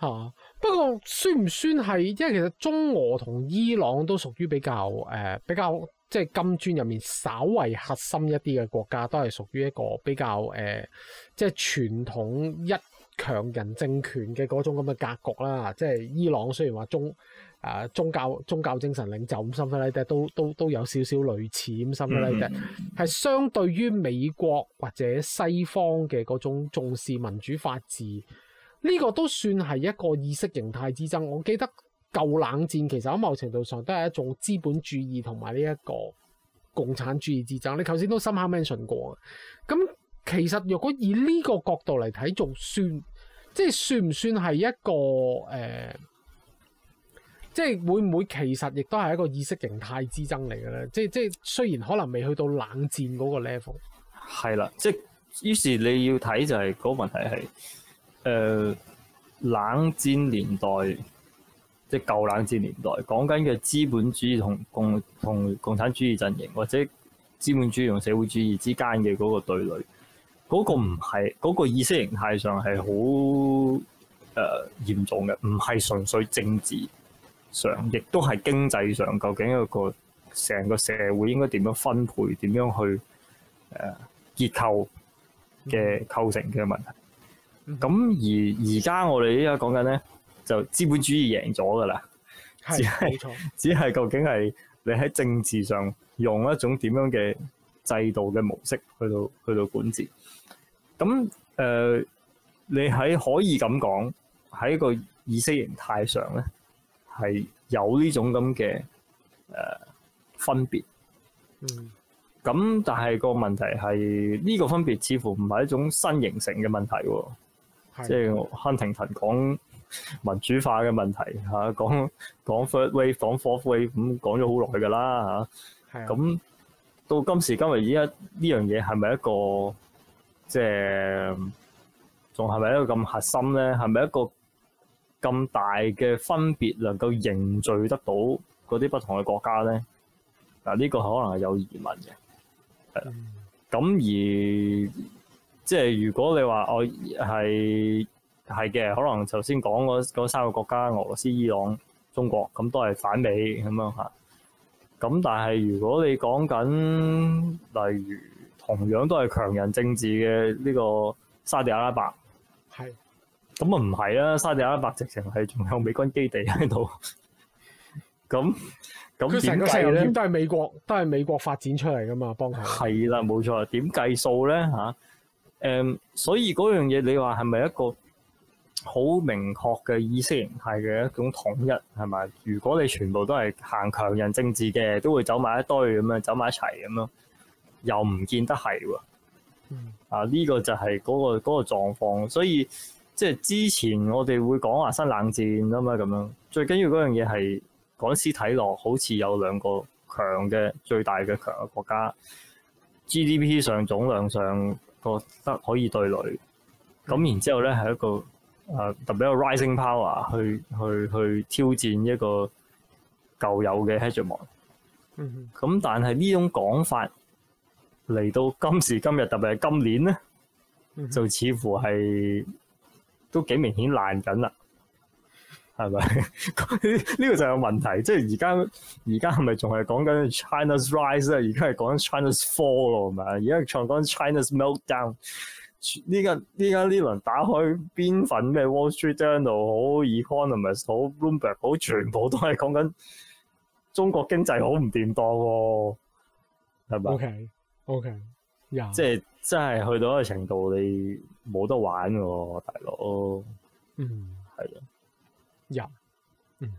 嚇！嗯 不過，算唔算係？因為其實中俄同伊朗都屬於比較誒、呃，比較即係金磚入面稍為核心一啲嘅國家，都係屬於一個比較誒、呃，即係傳統一強人政權嘅嗰種咁嘅格局啦。即係伊朗雖然話宗誒宗教宗教精神領袖咁 similarly，但都都都有少少類似咁 similarly，係相對於美國或者西方嘅嗰種重視民主法治。呢個都算係一個意識形態之爭。我記得舊冷戰其實喺某程度上都係一種資本主義同埋呢一個共產主義之爭。你頭先都深刻 mention 過，啊。咁其實若果以呢個角度嚟睇，仲算即係算唔算係一個誒、呃？即係會唔會其實亦都係一個意識形態之爭嚟嘅咧？即即雖然可能未去到冷戰嗰個 level。係啦，即於是你要睇就係、是、嗰、那個問題係。誒、呃、冷戰年代，即係舊冷戰年代，講緊嘅資本主義同共同共產主義陣營，或者資本主義同社會主義之間嘅嗰個對壘，嗰、嗰個唔係嗰個意識形態上係好誒嚴重嘅，唔係純粹政治上，亦都係經濟上究竟一個成個社會應該點樣分配、點樣去誒、呃、結構嘅構成嘅問題。咁、嗯、而而家我哋依家講緊咧，就資本主義贏咗㗎喇，只係只係究竟係你喺政治上用一種點樣嘅制度嘅模式去，去到去到管治。咁誒、呃，你喺可以咁講，喺一個意識形態上咧，係有呢種咁嘅誒分別。嗯。咁但係個問題係呢、呢個分別似乎唔係一種新形成嘅問題喎。即係亨廷頓講民主化嘅問題嚇，講講 third wave 講 fourth wave 咁講咗好耐㗎啦嚇，咁、嗯啊、的到今時今日依一呢樣嘢係咪一個即係仲係咪一個咁核心咧？係咪一個咁大嘅分別能夠凝聚得到嗰啲不同嘅國家咧？嗱、啊、呢、這個可能係有疑問嘅，係、啊、咁而。即係如果你話我係係嘅，可能頭先講嗰三個國家，俄羅斯、伊朗、中國咁都係反美咁樣嚇。咁但係如果你講緊，例如同樣都係強人政治嘅呢個沙地阿拉伯，係咁啊，唔係啦，沙地阿拉伯直情係仲有美軍基地喺度。咁咁點計咧？成個世界都係美國，都係美國發展出嚟噶嘛，幫佢係啦，冇錯。點計數咧嚇？誒，um, 所以嗰樣嘢，你話係咪一個好明確嘅意識形態嘅一種統一係咪？如果你全部都係行強人政治嘅，都會走埋一堆咁樣，走埋一齊咁咯，又唔見得係喎。嗯、啊，呢、這個就係嗰、那個嗰、那個狀況，所以即係、就是、之前我哋會講話新冷戰啊嘛，咁樣最緊要嗰樣嘢係講緊，睇落，好似有兩個強嘅最大嘅強嘅國家 GDP 上總量上。覺得可以對壘，咁、嗯、然之後咧係一個誒特別一個 rising power 去去去挑戰一個舊有嘅 h e r a r c h y 咁，但係呢種講法嚟到今時今日特別係今年咧，就似乎係都幾明顯爛緊啦。係咪呢個就有問題？即係而家而家係咪仲係講緊 China's Rise 啊？而家係講 China's Fall 咯？係咪？而家係唱緊 China's meltdown？呢間呢間呢輪打開邊份咩 Wall Street down 度好，Economist 好，Bloomberg 好，全部都係講緊中國經濟好唔掂當，係咪？OK OK，即係真係去到一個程度，你冇得玩嘅，大佬。嗯，係啊。人，Yeah. 嗯，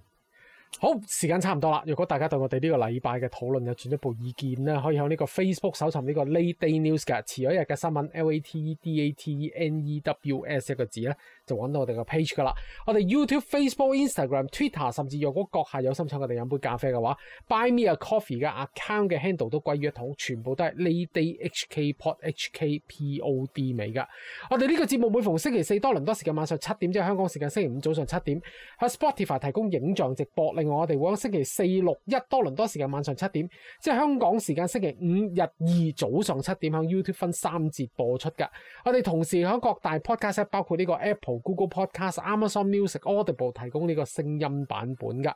好，時間差唔多啦。如果大家對我哋呢個禮拜嘅討論有進一步意見咧，可以喺呢個 Facebook 搜尋呢個 Late Date News 噶，遲咗一日嘅新聞 L A T E D A T E N E W S 一個字咧。就揾到我哋嘅 page 噶啦！我哋 YouTube、Facebook、Instagram、Twitter，甚至若果閣下有心請我哋飲杯咖啡嘅話，Buy Me A Coffee 嘅 account 嘅 handle 都歸於一統，全部都係 LateDate HK Pod HK POD 嚟噶。我哋呢個節目每逢星期四多倫多時間晚上七點，即係香港時間星期五早上七點，喺 Spotify 提供影像直播。另外，我哋會響星期四六一多倫多時間晚上七點，即係香港時間星期五日二早上七點響 YouTube 分三節播出㗎。我哋同時響各大 podcast 包括呢個 Apple。Google Podcast、Amazon Music、Audible 提供呢個聲音版本噶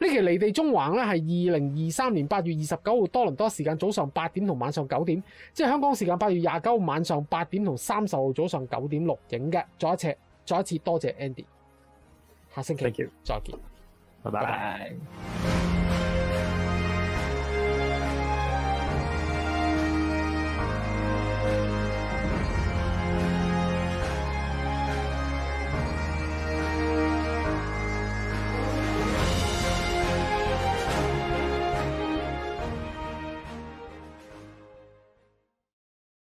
呢期離地縱橫咧係二零二三年八月二十九號多倫多時間早上八點同晚上九點，即係香港時間八月廿九號晚上八點同三十號早上九點錄影嘅，再一次再一次多謝 Andy，下星期再見，拜拜。